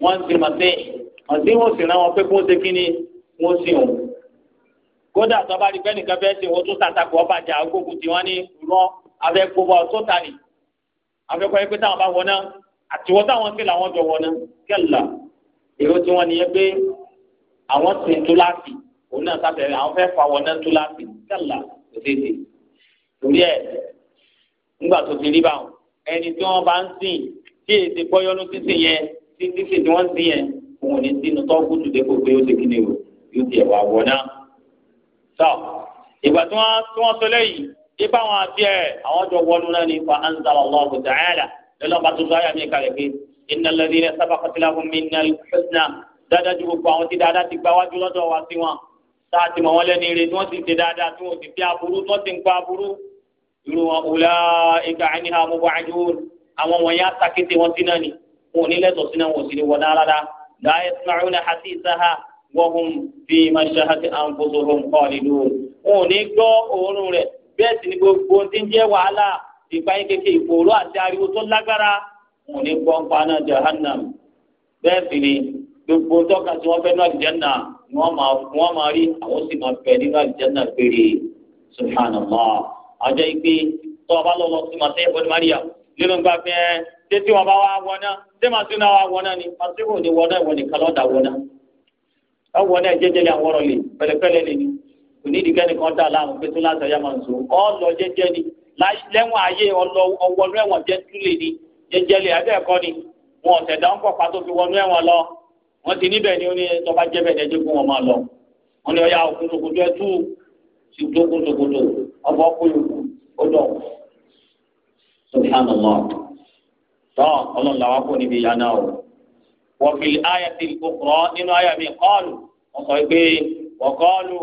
wọ́n ń sin masih àti wọ́n sì rán wọn pé kó ṣe kí ni wọ́n sì hùn kódà tó bá rí pé nìkan fẹ́ ṣe wọ́n tún tàtàkùn ọba àjà agbógun tí wọ́n ní rán abẹ́kọ̀ọ́bọ̀ tó ta ni abẹ́kọ̀ọ́ yẹn pé táwọn bá wọná àtiwọ́ táwọn sì làwọn jọ wọná kẹ́là èrò tí wọ́n nìyẹn pé àwọn sì ń túláàsì òun náà sábẹ́ àwọn fẹ́ fa wọná túláàsì kẹ́là kò torí ẹ̀ nígbà tó ti rí báwọn ẹni tí wọ́n bá ń sìn tí èsì pọ́yọ́nú sísìn yẹn tí sísìn tí wọ́n sìn yẹn òun ní sínú tọ́gùtù dépò pé ó ti kí ni o yóò tiẹ̀ wà wọ̀ náà. sọ ìgbà tí wọ́n tí wọ́n sọ lẹ́yìn ipa wọn àti ẹ̀ àwọn jọ wọnú náà ní fa anzala Allahu ta'ala lọ́lọ́ba tó sọ ayà mi kalẹ̀ pé innal ladhina sabaqat lahum minnal husna dáadáa ju gbogbo àwọn tí dáadáa ti gba wájú lọ́dọ̀ wa sí wọn tá ti mọ̀ wọ́n lẹ́ni ire tí wọ́n ti ṣe dáadáa tí wọ́n ti fi aburú tí wọ́n ti ń pa aburú irú wọn òlà ìka ẹni ha mo bọ àjò àwọn wọ̀nyí àtàkété wọn sí náà ni wọn ò ní lẹ́tọ̀ọ́ sí náà wọn ò sì ní wọ náà rárá لا يسمعون حسيسها وهم في مشهد أنفسهم خالدون òní gbọ́ òórùn rẹ̀ bẹ́ẹ̀ sì ni gbogbo ti ń jẹ́ wàhálà ìpayín kéke ìfòòró àti ariwo tó lágbára òní gbọ́ paná jahannam bẹ́ẹ̀ sì ni gbogbo tọ́ka tí wọ́n fẹ́ nínú àlìjẹ́nà ni wọ́n máa rí àwọn sì máa fẹ́ nínú àlìjẹ́nà péré subhanallah àjọ ìpè tó o bá lọ lọ sí màtẹ́ ìbọn Maria nínú gbàgbẹ́ ṣé tí wọn bá wá wọ náà ṣé màá tún náà wá wọ náà ni ní wọ ìwọ nìkan lọ́dà wọ náà ẹ àwọn ọ̀rọ̀ lè lè ní kò ní nìkan dà láàrún pé tó ọ lọ jẹjẹ ni lẹ́wọ̀n ayé ọwọ́nú ẹ̀wọ̀n jẹ́ ni jẹjẹrẹ ni wọn lọ wọn ti ni jẹ́ fún wọn máa lọ wọn ni tọ́ ọlọ́run làwọn kò níbi ìyá náà o. wọ́n fi àyà ti kó kọ́ nínú àyà mi kọ́ọ̀lù wọ́n sọ pé wọ́n kọ́ọ̀lù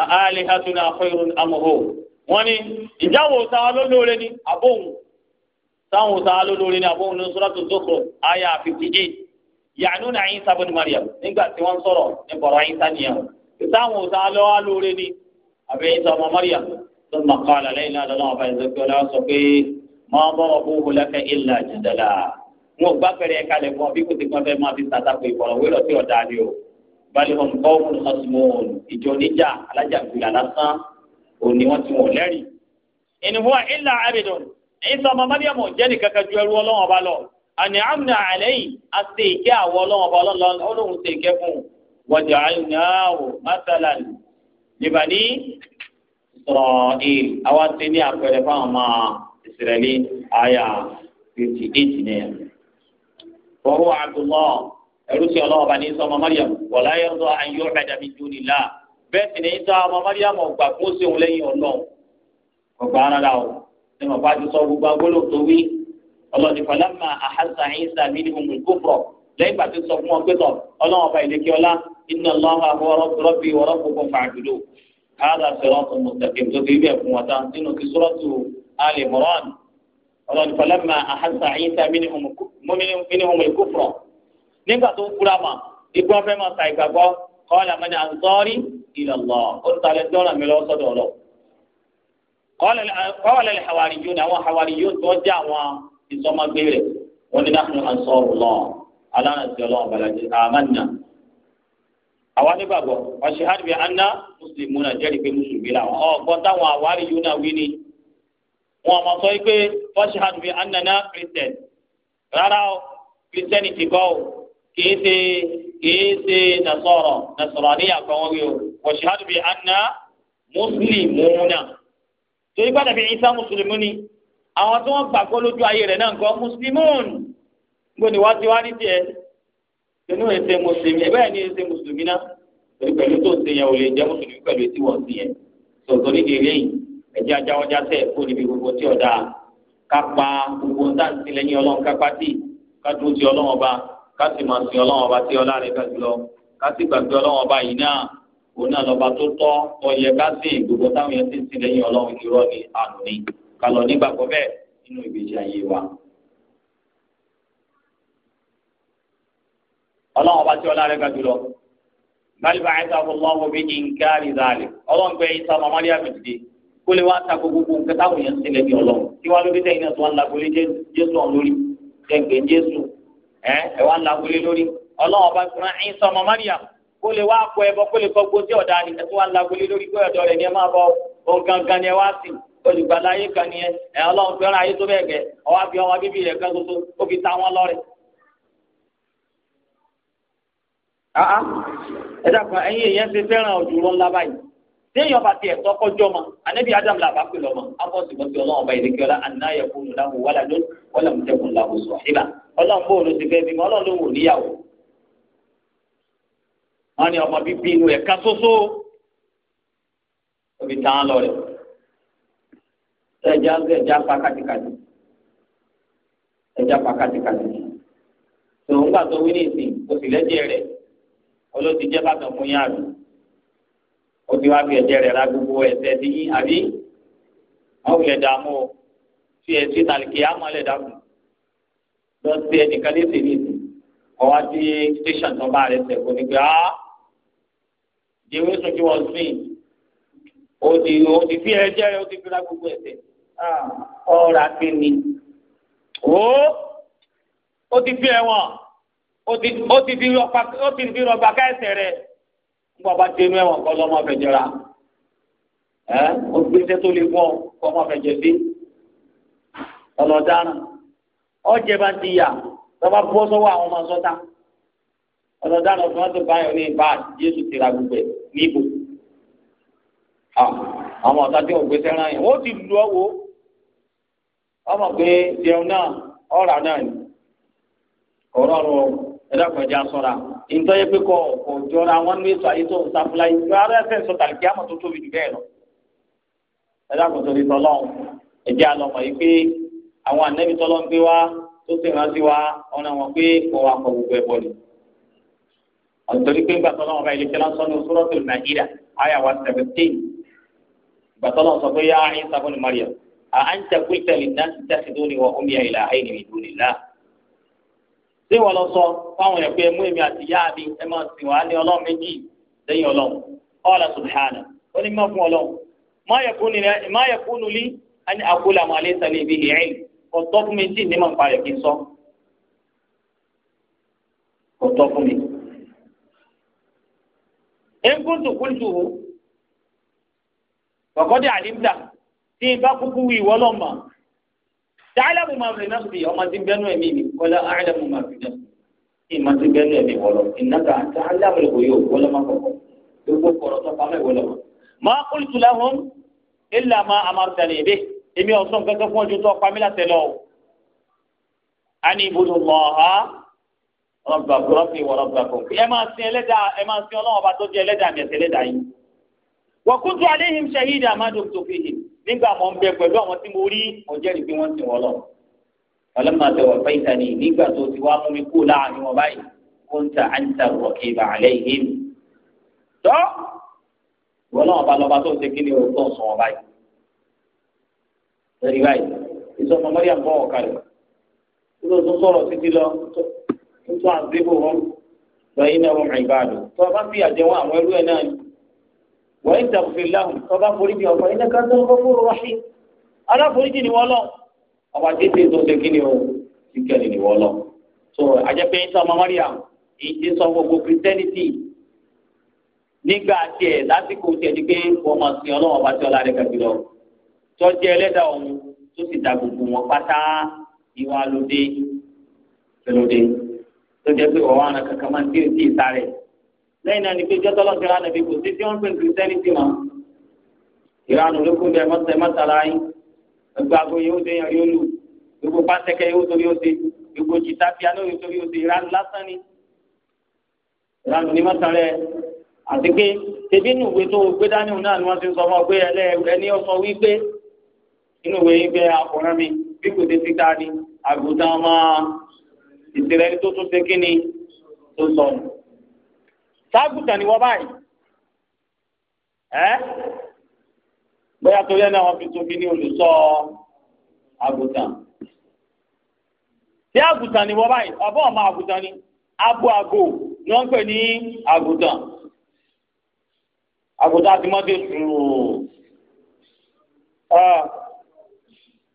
àhálì hàtúnà àfẹ́rún amòhò. wọ́n ní ìjáwó sáà ló lóore ní àbóhùn sáwọn sáà ló lóore ní àbóhùn ní sọ́dọ̀tò zokro àyà fifty eight ní àyínsá bọ́ni mariam nígbà tí wọ́n sọ̀rọ̀ ní bọ̀rọ̀ àyínsá nìyẹn sáwọn sáà lọ́wọ́ lóore ní àbẹ̀yìnsá máa bọ̀rọ̀ kó wọlé fẹ́ ilà jìdẹ̀lá wọn ò gbá pẹ̀rẹ̀ kalẹ̀ fún ọ bí kò ti kọ́ fẹ́ máa fi sàtàkùn ìfọ̀rọ̀wérọ̀ tí ọ̀dà ni o balẹ̀ wọn kọ́ wọn mọ̀sùmọ̀ọ́n ìjọ níjà alájà gbìyà lásán òní wọn ti wọn lẹ́rì. ìnìwọ̀ ilà abidun ìsọ ọmọ mariam jẹ́ nìkan ju ẹrú ọlọ́wọ́n ọba lọ àní amúnà àlẹ́yìn a ṣe ìkẹ́ àwọ̀ ọlọ́wọ́n ọba ọlọ́run ọlọ́run ṣe ìkẹ́ fún wọ́jà àyùnáwó masalan níbàní Israeli aya fifty eight nìyẹn. Fọwọ́ Abdullah ẹrú sí ọlọ́wọ́ bá ní Isa ọmọ Mariam wọ̀lá yọ̀dọ̀ àyọ̀ ẹ̀dàmí jóni là bẹ́ẹ̀ sì ní Isa ọmọ Mariam ọgbà fún sẹ́wọ̀n lẹ́yìn ọlọ́run ọgbà rárá o ní màá bá ti sọ gbogbo agbóló tó wí ọlọ́ọ̀ni fọlámà àhásà Isa minhum al-kufra lẹ́yìn bá ti sọ fún wọn pé tọ̀ ọlọ́wọ́ bá ilé kíọ́lá inna Allaha huwa rabbi wa rabbukum fa'budu ali imran ọlọ́run falamma ahassa isa minhum al-kufra nígbà tó ń kúra mà igbó fẹ́ máa ta ìgbàgbọ́ qala man ansari ila Allah ó ń talẹ̀ dọ́là mi lọ sọ́dọ̀ ọlọ́ qala al-hawariyun àwọn hawariyun tó jẹ́ àwọn ìsọmọgbé rẹ̀ wọ́n ní nahnu ansarullah alánàtí ọlọ́run balajẹ́ àmàna àwọn onígbàgbọ́ ọ̀ṣẹ́ hàdìbí anna muslimuna jẹ́rìí pé mùsùlùmí làwọn ọ̀gbọ́n táwọn àwárí yóò náà wí ni. wọn ọmọ sọ pé fọ́ṣì hàn ànàná christian rárá o christian ti kọ́ o kìí ṣe kìí ṣe nasọ̀rọ̀ nasọ̀rọ̀ níyà kan o fọ́ṣì hàn mí ànà mùsùlùmùnà torí gbàdàbí isa mùsùlùmù ni àwọn tí wọ́n gbàgbọ́ lójú ayé rẹ̀ náà ń kọ́ mùsùlùmùn gbọ́dọ̀ wá ti wá ní tẹnu mùsùlùmí ẹ mùsùlùmí náà ẹjẹ́ ajáwọ́já tẹ̀ kó níbi gbogbo tí ọ̀dà kápá gbogbo ńdá ń tilẹ̀ yín ọlọ́run kápá tì kádùn ti ọlọ́run ọba kásì máa sin ọlọ́run ọba tí ọlá rẹ̀ kájú lọ kásì gbàgbé ọlọ́run ọba yìí náà òun náà lọ́ba tó tọ́ ọyẹ kásì gbogbo táwọn yẹn ti ń tilẹ̀ yín ọlọ́run ni àná ni kálọ̀ nígbàgbọ́ bẹ́ẹ̀ nínú ìgbésí ayé wa. ọlọ́run ọba tí ọlá rẹ̀ kájú lọ báyìí bá ẹ̀ sáfọ́ lọ́wọ́ bí nǹkan rí kó lè wá ta gbogbo nǹkan táwọn èèyàn ti lẹ́yìn ọlọ́run kí wọ́n lóde tẹ̀yìn náà tó wà ń jésù ọ lórí jẹ̀ǹgbẹ̀ jésù ẹ ẹ̀ wà lórí ọlọ́run ọba fúnra ẹ̀ mariam kó lè wá kọ ẹbọ kó lè kọ gbó sí ni wà lórí ẹ máa bọ ohun gangan ni ẹ wá sí ayé kan ni ẹ ẹ ayé tó ta wọn ẹ dàpọ̀ téèyàn bá tiẹ̀ tọkọjọ́ ma anabi adam la bá pè lọ́mọ afọ sìgbọ́sì ọlọ́run bá yẹ kí ọlá àná yẹ kó nùlá wò wàlá ló wọlé mu tẹkùn la wò sọ ìbá ọlọ́run bó olùsí fẹ́ bímọ ọlọ́run ló wò níyàwó. wọn ní ọmọ bíbí inú ẹ̀ ká soso òbí tàn lọ rẹ̀ ẹja ẹja pa kàtìkàtì ẹja pa kàtìkàtì tòun gbà tó wí ní ìsìn kò sì lẹ́jẹ̀ rẹ̀ olóòtú jẹ́ bàtàn fún yàrá ó ti wá fi ẹ̀jẹ̀ rẹ̀ ra gbogbo ẹ̀ṣẹ̀ ti yín àbí wọn wulẹ̀ dààmú o fi ẹ̀sìn tàlìkì àmọ́ lẹ̀ dààmú lọ sí ẹnìkan ní ìsìn nìyí ọwọ́ àti tẹ̀sán tó bá rẹ̀ sẹ̀ kò ní pẹ́ áá ìwé sùn kí wọ́n sìn ó ti ó ti fi ẹ̀jẹ̀ rẹ̀ ó ti fi ra gbogbo ẹ̀ṣẹ̀ àti ni ó ó ti fi ẹ̀wọ̀n ó ti fi rọ̀bà ká ẹ̀ṣẹ̀ rẹ̀ nígbà bá dénú ẹ̀wọ̀n kọ́ lọ́mọ fẹ̀jẹ̀ ra ẹ́ o gbé iṣẹ́ tó lè gbọ́ kọ́ ọmọ fẹ̀jẹ̀ dé ọlọ́daràn ọ̀jẹ̀ bá ti yà lọ́ba bọ́ sọ́wọ́ àwọn ọmọ sọ́ta ọlọ́daràn fún ọdún báyọ̀ ní ibà Jésù ti ra gbogbo ẹ̀ níbo ah, àwọn ọ̀tá tí wọ́n gbé sẹ́ran yẹn wọ́n ti lu ọ̀wọ́ ọmọ pé jẹun náà ọ̀rà náà ni ọ̀rọ̀ ọ̀rọ̀ ẹ̀dá kọjá sọ́ra ìtọ́jú pé kọ ọ̀kọ̀ jọra wọn ní ètò ayé tó ń sáfúláyé ìjọ ara ẹ̀fẹ̀ sọ tàlìkí àmọ̀ tó tóbi jù bẹ́ẹ̀ lọ. ẹ̀dá kọjá ní tọ́lọ́ ẹ̀jẹ̀ àlọ́mọ̀ yìí pé àwọn ànẹ́bí tọ́lọ́ ń gbé wá tó sì rántí wá ọ̀nà wọn pé kò wá kọ gbogbo ẹ̀bọ ni. àtòrí pé ìgbà tọ́lọ́ ọba ilé kẹlá sọ́nù suratul Maida àyà wa seventeen ìgbà sọ tí wọ́n lọ sọ fáwọn yẹn pé mú èmi àti ìyá mi ẹ máa sìn wá ní ọlọ́run méjì lẹ́yìn ọlọ́run ọ̀la subhana ó ní má fún ọlọ́run má yẹ kúnnu lí ẹni àkúlẹ̀ àwọn alẹ́ sàlẹ̀ ibi ìrìn kò tọ́ fún mi tí ní màá parẹ̀ kí n sọ kò tọ́ fún mi. ẹnkúntù kúntù kọ̀kọ́dé àdìmdà tí n kúkú wí ìwọ́lọ́mọ̀ dáhàlámù máa fi náà fi ọmọ ti bẹ́nu ẹ̀mí mi wọlé àhàlámù máa fi náà fi ìmọ̀ ti bẹ́nu ẹ̀mí wọlọ́ ìnáka dáhàlámù lè wòye òkú wọlé máa kọ̀kọ́ gbogbo kọ̀rọ̀ tó pamẹ́ wọlé wọn. máa kúlùtù láhùn ilà máa amárùtàlẹ̀ èdè èmi ọ̀sán kankan fún ọjọ́ tó pamẹ́ látẹ̀ lọ. a ní ibùdó lọ́ha rọ̀bà rọ̀bì wọ̀ rọ̀bà kò ẹ máa sin ẹlẹ́dàá ẹ máa sin ọlọ́wọ́ bá tó di ẹlẹ́dàá wa kuntu alayhim shahida má dókítà fihim nígbà mọ̀ ń bẹ pẹ̀lú àwọn tí mo rí mo jẹ́rìí pé wọ́n ti wọ́n lọ. ọlọ́mọ àti ọ̀fẹ́ ìtàní nígbà tó ti wá mú mi kú láàrin wọn báyìí kunta anta raqiba alayhim. tọ́ ìwọ́n náà bá lọ́ba tó ń ṣe kí ni o tó ń sọ wọn báyìí. lórí báyìí ìsọmọ mọ́ríà bọ́ ọ̀kadà tó tó sọ̀rọ̀ títí lọ tó àdébò lọ wọ́n ń tàbí fèrè láhùn tọ́ba foríjì ọ̀fọ̀ iná ká tó ń kọ́ fúru wáṣí aláforíjì ni wọ́n lọ ọba tètè tó ṣe kí ni o ti ni wọ́n lọ. so àjẹpẹ́ yín sọmọ Maria èyí ti sọ gbogbo Christianity nígbà tiẹ̀ lásìkò tiẹ̀ ni pé wọ́n máa sin ọlọ́wọ́n ọba tí ọlá rẹ̀ kàbí lọ tọ́jú ẹlẹ́dàá ọ̀hún tó sì dà gbogbo wọn pátá ìwà lóde lóde tó jẹ́ pé ọ̀wá àna kankan máa ń dé lẹ́yìn náà ni pé jọ́tọ́ lọ́sẹ̀ rà nàbí kò sí tí wọ́n ń pè ní kìrìsìtẹ́nìtì mọ́ ìranù ló kún bẹ́ẹ̀ mọ́tẹ́ mọ́tàlá yín gbàgbọ́ yóò dé yàn yóò lù gbogbo pàtẹ́kẹ́ yóò torí ó ṣe gbogbo jìtá piano yóò torí ó ṣe ìranù lásán ni ìranù ni mọ́tàlá ẹ̀ àti pé tèmi nù wé tó gbé dání náà ni wọ́n ti sọ fún ọ pé ẹni ọ wípé inú ìwé yín bẹ́ àkùnrin mi bí kò ṣe ti ni àgùntàn ọmọ ìsirẹ́ni tó tún ṣe kí tó sọnù tágùtàn ni wọ́n báyìí ẹ́ bóyá torí ẹ̀ náà wọ́n fi tóbi ní olùsọ àgùtàn tí àgùtàn ni wọ́n báyìí ọ̀bọ̀ ọmọ àgùtàn ni abo àgò ni wọ́n ń pè ní àgùtàn àgùtàn àti mọ́tò sùúrù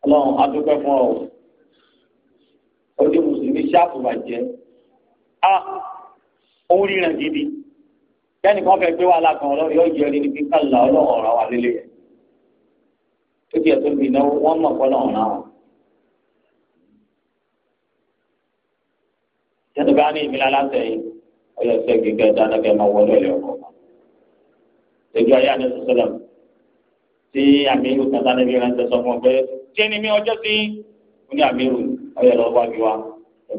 ọlọ́run adúpẹ́ fún ọ ojú mùsùlùmí ṣáàpù bàjẹ́ a orí rẹ̀ gidi kẹ́ni kan fẹ́ gbé wàhálà kan ọlọ́run yóò jẹ́ ẹni níbi kálá ọlọ́run ọ̀rọ̀ wa lélẹ̀ yẹn tó tiẹ̀ tó fi náwó wọ́n mọ̀ pọ́ lọ́run náà. sẹ́ni bá ní ìmìlá látẹ̀ yìí ọyọ sẹ́ gígẹ́ dáadáa máa wọlé ọ̀lẹ́ ọkọ̀ kan. ayé àná sọ́sọ́lá tí àmì ìlú kan sáré bí wọ́n ń sọ fún ọ pé tí ẹni mi ọjọ́ sí ó ní àmì ìlú ọyọ lọ́wọ́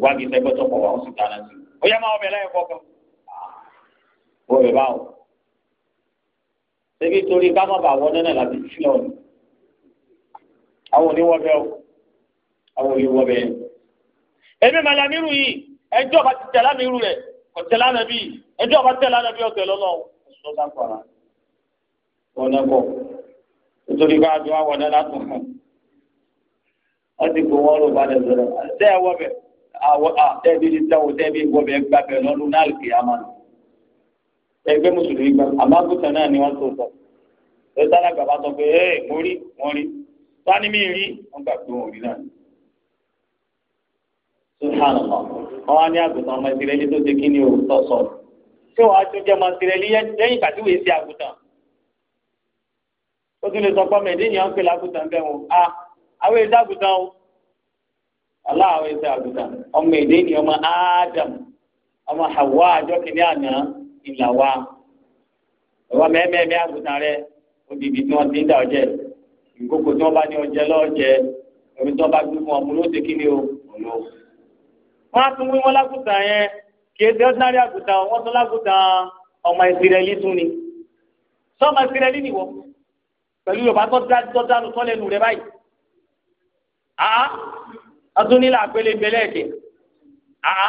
wá bí wa ẹ̀gbọ́n ó rẹ̀ báwọn. ṣébi torí ká má bàa wọlé náà láti sílẹ̀ ọ̀nà àwọn oníwọ́bẹ̀ o àwọn oníwọ́bẹ̀ yẹn. èmi màlá mi rù yìí ẹjọ́ bá ti tẹ̀lé àmì irú rẹ̀ kò tẹ̀lé àmì bíi ẹjọ́ bá tẹ̀lé àmì bíi ọ̀tẹ̀ lọ́nà ọ̀nàbọ̀ nítorí bá a dùn àwọn ọ̀nà látún fún wọ́n ti kó wọ́n ló balẹ̀ sọ̀rọ̀ tẹ́ ẹ wọ́ bẹ̀ àwọn àtẹ́bí ti tẹ́wọ́ tẹ́bí wọ́ bẹ̀ gbàbẹ̀ lọ́dún náà kì í àmàlù. egbe mùsùlùmí gbà àbábùtà náà ni wọ́n tó sọ ẹ sára gbàgbà sọ pé ẹ mo rí mo rí sani mi rí wọ́n gbà pé wọ́n rí náà subhanallah wọ́n wá ní àgùntàn ọmọ ìsirẹ́lì tó ṣe kí ni sọ ṣé wàá tún jẹ́ ọmọ lẹ́yìn ó tún lè sọ pé ọmọ ń pè bẹ́ẹ̀ a ah, àwọn o ìlà wa ìwọ mẹ́mẹ́mẹ́ àgùntàn rẹ odidi tí wọ́n ti ń dà ọjẹ́ ìkókò tí wọ́n bá ní ọjẹ́ lọ́ọ̀jẹ́ omi tí wọ́n bá gbé fún ọmọ ló ti kíni o ọ̀nà. wọ́n á tún wí wọ́n lágùntàn yẹn kì í ṣe ordinary àgùntàn wọ́n tún lágùntàn ọmọ ìsirẹ́lì tún ni sọ́ọ̀mọ ìsirẹ́lì nìwọ pẹ̀lú yorùbá tó dánu tó lẹ́nu rẹ báyìí. àá ọdún nílà àgbélé bẹ́lẹ̀ kì àá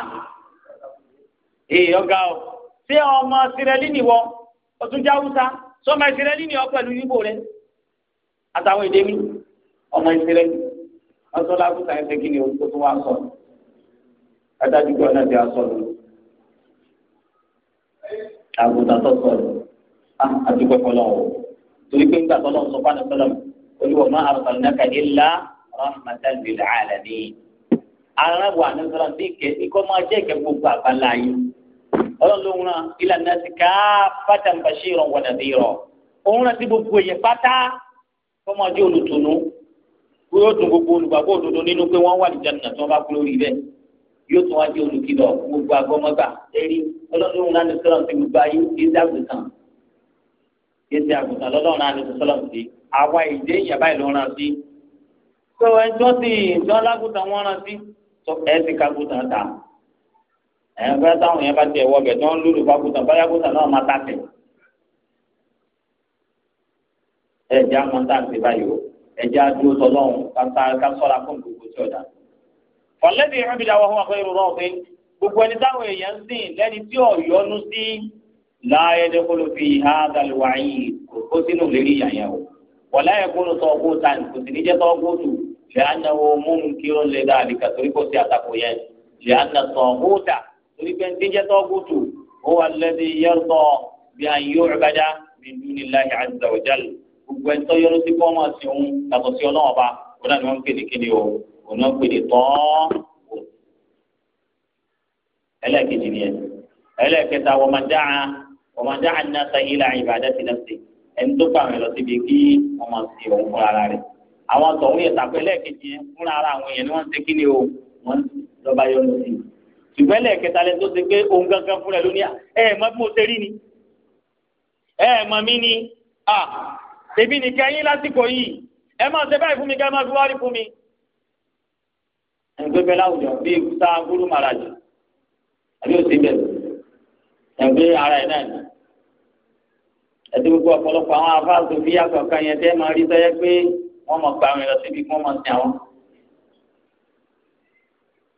èèyàn ga o ṣé ọmọ sirẹlí nìwọ ọtún jáwúsá sọmọ ìsirẹlí nìyọ pẹ̀lú yíbò rẹ àtàwọn èdè mi ọmọ ìsirẹlí asọlá àgùntàn ẹsẹ kí ni o tó wá sọ adájú gbọ náà ti asọ lọ àgùntàn tó sọ lọ àdúgbò ẹkọlọ o torí pé nígbà tó lọ sọ fún àdàtọ lọ olùwọ máa àrùtàn náà ilá rahmatan lil alamin arábò àdàtọ lọ sí ìkẹ ikọ máa jẹ ìkẹ gbogbo àbálá yìí ọlọ́run náà ìlànà ti ká fatan bashiran wa nadhiran òun náà ti gbogbo èyẹ pátá kọ́mọdé olùtùnú yóò tún gbogbo olùgbàgbọ́ òdodo nínú pé wọ́n wà ní jẹ́nu náà tí wọ́n bá kú lórí bẹ́ẹ̀ yóò tún wá jẹ́ olùkìlọ̀ gbogbo agbọ́mọ́gbà ẹ̀rí ọlọ́run náà ní sọ́lọ́m ti gbogbo ayé kéde àgùntàn kéde àgùntàn lọ́lọ́run náà ní sọ́lọ́m ti àwa ẹ̀yìn fẹ́ táwọn yẹn bá tiẹ̀ wọ ọbẹ̀ tí wọ́n ń lùlù fákùtàn báyàkùtàn náà máa tàtẹ̀. ẹ jẹ́ àmọ́ntàǹtì báyìí o ẹ jẹ́ àdúró tọ́lọ́hún ká sọ́ra fún gbogbo tí ọ̀dà. fọlẹ́bí ìrìnbídà wọ́n wà pé ìrora ọ̀fẹ́ gbogbo ẹni táwọn èèyàn ń sìn lẹ́ni tí ọ̀yọ́nu sí láàyè dẹ́kọ́lù fi ha gàlùwàyí sínú lè dáa nìkan yẹn lẹ́yìn náà torí pé níjẹ́ tọ́gùtù ó wà lẹ́dí yẹ́rùtọ̀ bí a yóò rẹ́gbẹ́dá bí dúni láyé azza wa jal gbogbo ẹ̀ tọ́ yọrọ sí kọ́mọ̀ sí òun yàtọ̀ sí ọlọ́wọ́ bá ó náà ni wọ́n ń pè ní kíni o òun náà pè ní tọ́ ẹlẹ́ẹ̀kejì ni ẹ ẹlẹ́ẹ̀kẹta wọ́n máa dáa wọ́n máa dáa ní ata ilà ìbàdà ti náà sí ẹni tó gbà lọ síbi kí wọ́n máa sí òun fúnra ara rẹ̀ àwọn tọ̀hún yẹn tàpẹ́ ẹlẹ́ẹ̀kejì fúnra ara àwọn yẹn ni wọ́n ń ṣe kíni o wọ́n lọ́ba yọrọ sí ṣùgbọ́n lẹ́ẹ̀kẹta lẹ́nu tó ṣe pé ohun gangan fúnra ló ní ẹ ẹ̀ mọ bí mo ṣe rí ni ẹ ẹ̀ mọ mí ni à èmi nìkan yín lásìkò yìí ẹ máa ṣe báyìí fún mi ká ẹ máa fi wárí fún mi. ẹgbẹ́ bẹ́ẹ̀ láwùjọ bíi sá gúrú màràjì àbí òsì bẹ̀rẹ̀ ẹgbẹ́ ara ẹ̀ náà ni ẹtí gbogbo ọ̀pọ̀lọpọ̀ àwọn afáàsòfin yàtọ̀ kan yẹn tẹ́ máa rí sọ́yẹ́ pé wọ́n mọ̀ pa àwọn ẹ̀rọ síbi kí wọ́n mọ̀ sí àwọn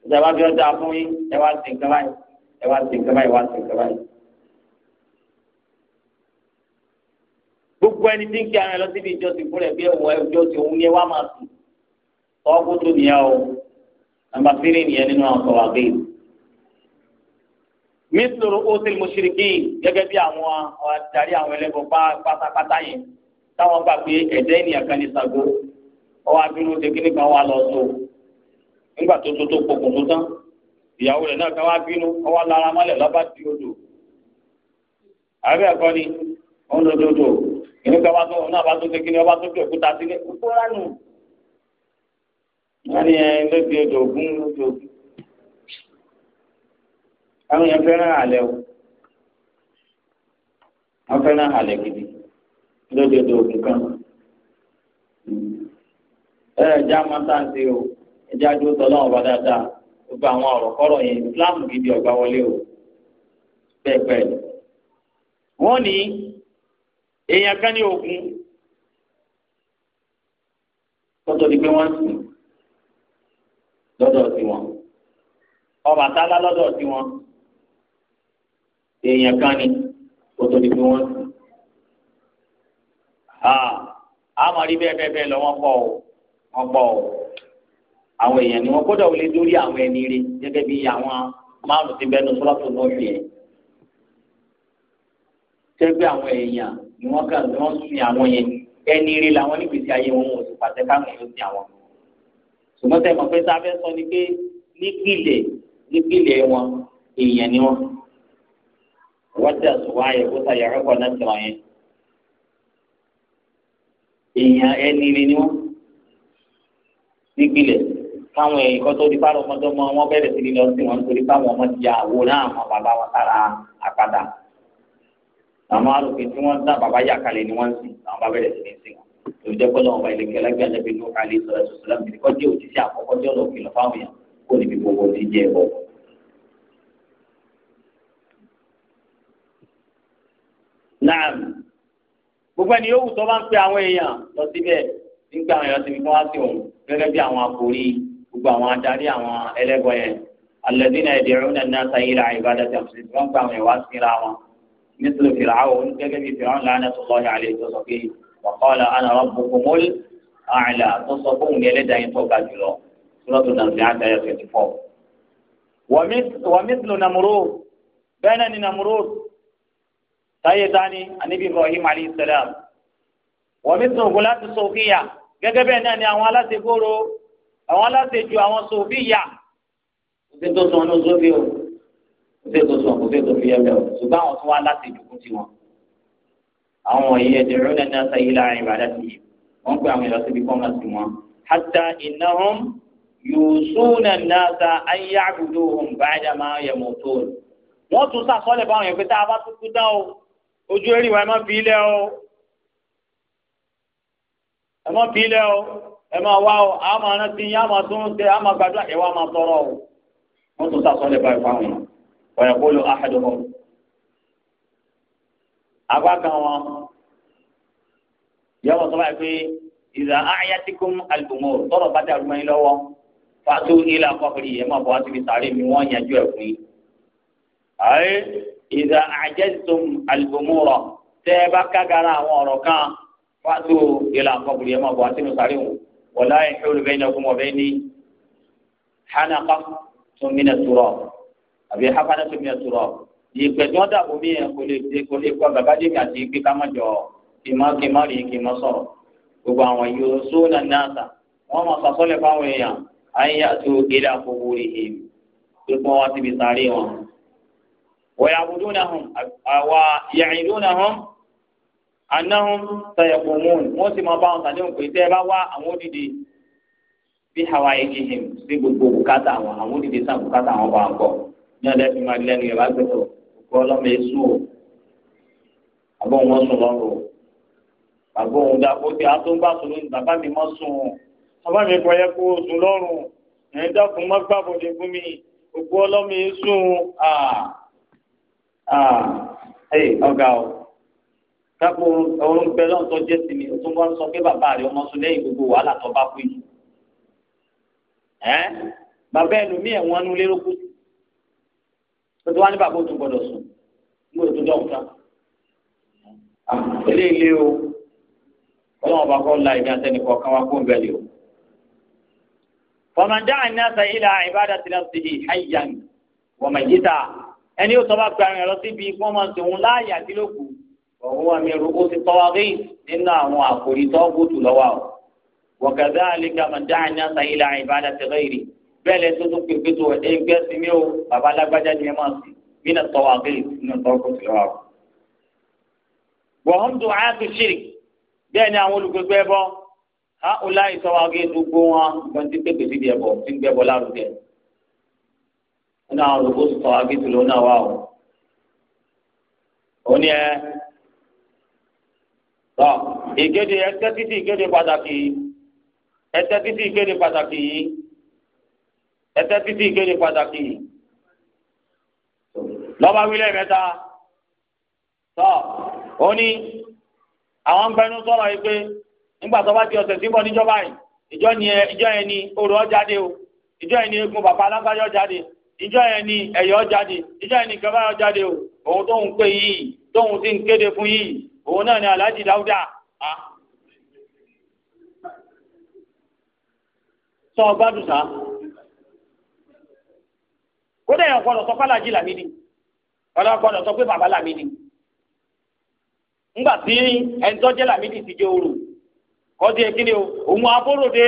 ìjà bá fi ọjà fún yín ẹ wá sí nǹkan báyìí ẹ wá sí nǹkan báyìí wá sí nǹkan báyìí. gbogbo ẹni tí ń kí ara ẹ lọ síbi ìjọsìn fún rẹ bí ẹwọ ìjọsìn òun ni ẹ wá máa sùn ọkọ tó nìyà o nàmbà fírì nìyẹn nínú àwọn sọwọ àgbẹ yìí. mísòrò hostel mọṣiriki gẹ́gẹ́ bí àwọn adarí àwọn ẹlẹbọ pátápátá yẹn táwọn gbà pé ẹ̀dá ènìyàn kan ní sago ọwọ́ abirùn ṣe kíní kan wà lọ sóò nígbà tó tó tó pokùn tó tán ìyàwó rẹ̀ náà ká wá bínú ọwọ́ lára mọ́lẹ̀ lọ́ba ti odò àbẹ́ ẹ̀kọ́ ni ó ń dododo ìní ká wá tó òun náà bá tó kékeré ọba tó fi òkúta sílé kókó ránù wọ́n ní ẹ ló fi odò ògún ló fi ògún àwọn yẹn fẹ́ràn àlẹ́ o wọ́n fẹ́ràn àlẹ́ gidi lódodo ògún kan ẹ ẹ já mọ́tàǹtì o ẹjẹ adúró tọ́lọ́ ọba dáadáa gbogbo àwọn ọ̀rọ̀ kọ́rọ̀ yẹn Islam gidi ọgbà wọlé o bẹ́ẹ̀ bẹ́ẹ̀ wọ́n ní èèyàn kan ní ogun kótó di pé wọ́n ń sìn lọ́dọ̀ tiwọn Ọbàtálá lọ́dọ̀ tiwọn èèyàn kan ní kótó di pé wọ́n ń sìn àmọ́ rí bẹ́ẹ̀ bẹ́ẹ̀ bẹ́ẹ̀ lọ wọ́n pọ̀ o wọ́n pọ̀ o àwọn èèyàn ni wọn kódà wọlé dórí àwọn ẹni rí gẹ́gẹ́ bí àwọn márùn ti bẹnu sọlọtò náà fi ẹ tẹgbẹ àwọn èèyàn ni wọn kàn ní wọn sin àwọn yẹn ẹni rí làwọn nígbèsí ayé wọn ò sì pàṣẹ káwọn èèyàn sin àwọn ṣùgbọ́n tẹ̀ mọ̀ pé sáfẹ́ sọ ni pé nípìlẹ̀ nípìlẹ̀ wọn èèyàn ni wọn wọ́n ti àsùnwọ̀n kó sàyẹ̀ ọ̀kọ̀ náà sọ̀rọ̀ yẹn èèyàn ẹni rí ni wọn nípìlẹ̀ káwọn èèyàn kan tó di bá ọmọdé ọmọ wọn bẹ̀rẹ̀ sí ní lọ sí wọn nítorí báwọn ọmọ ti ya àwòrán àwọn bàbá wọn sára àpàdà àwọn arúgbó tí wọ́n dá bàbá yà kalẹ̀ ni wọ́n ń sìn àwọn bá bẹ̀rẹ̀ sí ní sìn wọn lórí jẹ́ kọ́lọ́ ọba ilé kẹlẹ́ gbẹ́lẹ́ bí ló alẹ́ sọ̀rọ̀ sọ̀rọ̀ bí kọ́ jẹ́ òṣìṣẹ́ àkọ́kọ́ tí ọ̀rọ̀ kìlọ̀ fáwọn èèyàn kó níbi gbogbo ti jẹ́ ẹ̀bọ. Naam gbogbo ẹni yóò wù tó bá ń pe àwọn èèyàn lọ síbẹ̀ nígbà àwọn èèyàn ti fi gbogbo àwọn adarí àwọn ẹlẹ́bọ yẹn alẹ́dínà ẹ̀dẹ̀rún náà náà sáyé ra ìbádà tí a fi wọ́n gba àwọn ìwà síra wọn nítorí fìràwọ̀ gẹ́gẹ́ bí fìràwọ̀ lánàá tó lọ́ọ́ yàrá ètò sọ pé wàkọ́lá àná rọ́bù kòmólì àìlà tó sọ fóun ní ẹlẹ́dàá yẹn tó ga jùlọ sọ́tò nàìjíríà àtàyà twenty four. wàmísìlò namuro bẹ́ẹ̀ náà ni namuro sáyé dání anibi ibrahim alayhi salam wàmísìlò gòlá ti sọ àwọn aláṣejù àwọn sòfì yà kò sí tó sùn ọ́nà sófì o kò sí tó sùn kò sí tó fi yẹ bẹ́ẹ̀ o ṣùgbọ́n àwọn tó wá aláṣejù kú tiwọn àwọn wọ̀nyí ẹ̀dẹ̀ rẹ̀ lẹ́nu ẹ̀sẹ̀ yìí láàrin ìbàdàn ti yìí wọ́n pè àwọn ìlọsíbi kọ́mọ̀ sí wọn. hatta innahum yusuna an-nasa an ya'buduhum ba'da ma yamutun. wọ́n tún sàkọọ́lẹ̀ báwọn yẹn pé tún kú dá ẹ máa wá o a máa rántí yín a máa tún tẹ a máa gbàdúrà ẹ wá máa tọrọ o wọn tún sàsọlẹ báyìí fáwọn yìí wọn yẹ kó lo ahadumọ agbá kan wọn yẹ wọn sọ báyìí pé ìzà àyàtìkùn àlùmọ tọrọ bá dàrú mọ yín lọ́wọ́ fàtó ilé akọkùnrin yìí ẹ máa bọ wá síbi sàárè mi wọn yànjú ẹ fún yín. ayé ìzà àjẹsùn àlùmọ rọ tẹ ẹ bá kágara àwọn ọ̀rọ̀ kan fàtó ilé akọkùnrin yìí ẹ máa bọ wá síbi sàárè wọn. ولا يحول بينكم وبين حنقة من التراب àbí hafana tó mi ẹ sọ̀rọ̀ ìgbẹ́jọ́ dàbò mi yẹn kò lè ṣe kò lè kọ bàbá dèmi àti ìgbé ká má jọ kì má kì má rìn kì má sọ̀rọ̀ gbogbo àwọn yòó sóònà náàtà wọn máa sàsọlẹ fáwọn èèyàn àyíyá tó gélé àkókò rèé tó pọn wá síbi sáré wọn. wọ́n yà àbùdó náà hàn àwa yàrá ìdó náà hàn anahun sọyẹkùnmùn wọn sì máa bá wọn tàdé òǹkè tẹ ẹ bá wá àwọn òdìdí bí hawa yìí kì í hìm sí gbogbo bùkátà àwọn àwọn òdìdí sàn bùkátà àwọn bá ń bọ ní ọdẹ fi máa lẹ́nu yẹn bá gbẹtọ òkú ọlọmọ èso o àbọ wọn sùn lọrùn o àbọ òun dà kó tí a tó ń bá sùn lónìí bàbá mi mọ sùn o bàbá mi kọ yẹ kó sùn lọrùn ẹ dákun má gbàbọdè fún mi òkú ọlọmọ èso o ọgá o sápò ọrùn bẹ lọ́n tó jẹ́ sí mi o tún bá sọ pé bàbá rẹ ọmọ sùn lẹ́yìn gbogbo wàhálà tó bá kú yìí ẹ́ bàbá ẹlòmíì ẹ̀wọ̀n nu lérò kú wá ní bàbá òtún gbọdọ̀ sùn gbọdọ̀ tó dọ̀hún tán ah, eléyìí o ọlọ́run bá kọ́ la ìdí àtẹnìkọ́ kan wá kó ń bẹ̀lẹ̀ o. fọmọdé àìní àṣà ilà ìbádà ti náà ti di hayyan wọ̀mọ̀ yíta ẹni yóò sọ bá gbàrin lọ síbi kí sòun láàyè àti òun wà mí rúgbó ti tọ́wá rí nínú àwọn àkòrí tó gbótù lọ́wọ́ o wọ̀kẹ́dá àlíkà màdá àyàn sàyílà ìbádà ti rẹ́ẹ̀rì bẹ́ẹ̀ lẹ́ tó tún pépé tó ẹgbẹ́ sí mi o bàbá alágbájá ni ẹ máa sì mí nà tọ́wá rí nínú tó gbótù lọ́wọ́ o. wọ̀hún tó ayé tó ṣírí bẹ́ẹ̀ ni àwọn olùgbégbé ẹbọ ha ọlá ìtọ́wá rí gbogbo wọn gbọ́n ti pépè sí ìdíyẹ̀bọ̀ tí ń gbẹ́bọ lárugẹ nínú tọ ìkéde ẹtẹ́títì ìkéde pàtàkì ẹtẹ́títì ìkéde pàtàkì yìí ẹtẹ́títì ìkéde pàtàkì yìí lọ́ba wílẹ̀ mẹ́ta tọ ó ní àwọn ń sọ̀rọ̀ yìí pé nígbà tó bá ti ọ̀sẹ̀ síbọ̀ níjọba yìí ìjọ ni ìjọ orò o ìjọ yẹn ni egun bàbá alágbájọ ìjọ yẹn ni ìjọ yẹn ni kẹfà o òun tóun yìí tóun ti ń kéde fún yìí òun náà ni aláàjì dáúdà á sọ gbádùn kódà èèyàn gbọ́dọ̀ sọ pálájì làmídì ọlọ́run gbọ́dọ̀ sọ pé bàbá làmídì ńgbà tí ẹni tó jẹ́ ti jẹ́ oru kọ́dí ekele o òun abóròde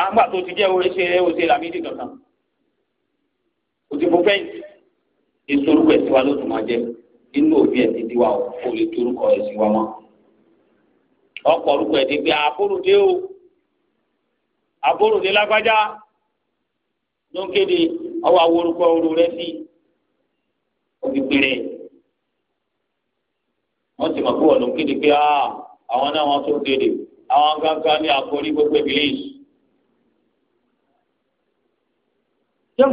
àgbà tó ti jẹ́ oṣù oṣù làmídì kankan òtí bó fẹ́ǹtì èso orúkọ ẹ̀sìn wa ló tún máa jẹ́. inú òbí ẹ ti di wa o lè torúkọ ẹ sí wa mọ ọkọ orúkọ ẹ ti gbé àbúròdé o àbúròdé lágbájá ló ń kéde ọwọ àwọn orúkọ rẹ sí òbí péré wọn sì mọ pé wọn ló pé àwọn náà wọn tó kéde àwọn gángan ní àkórí gbogbo ìbílẹ̀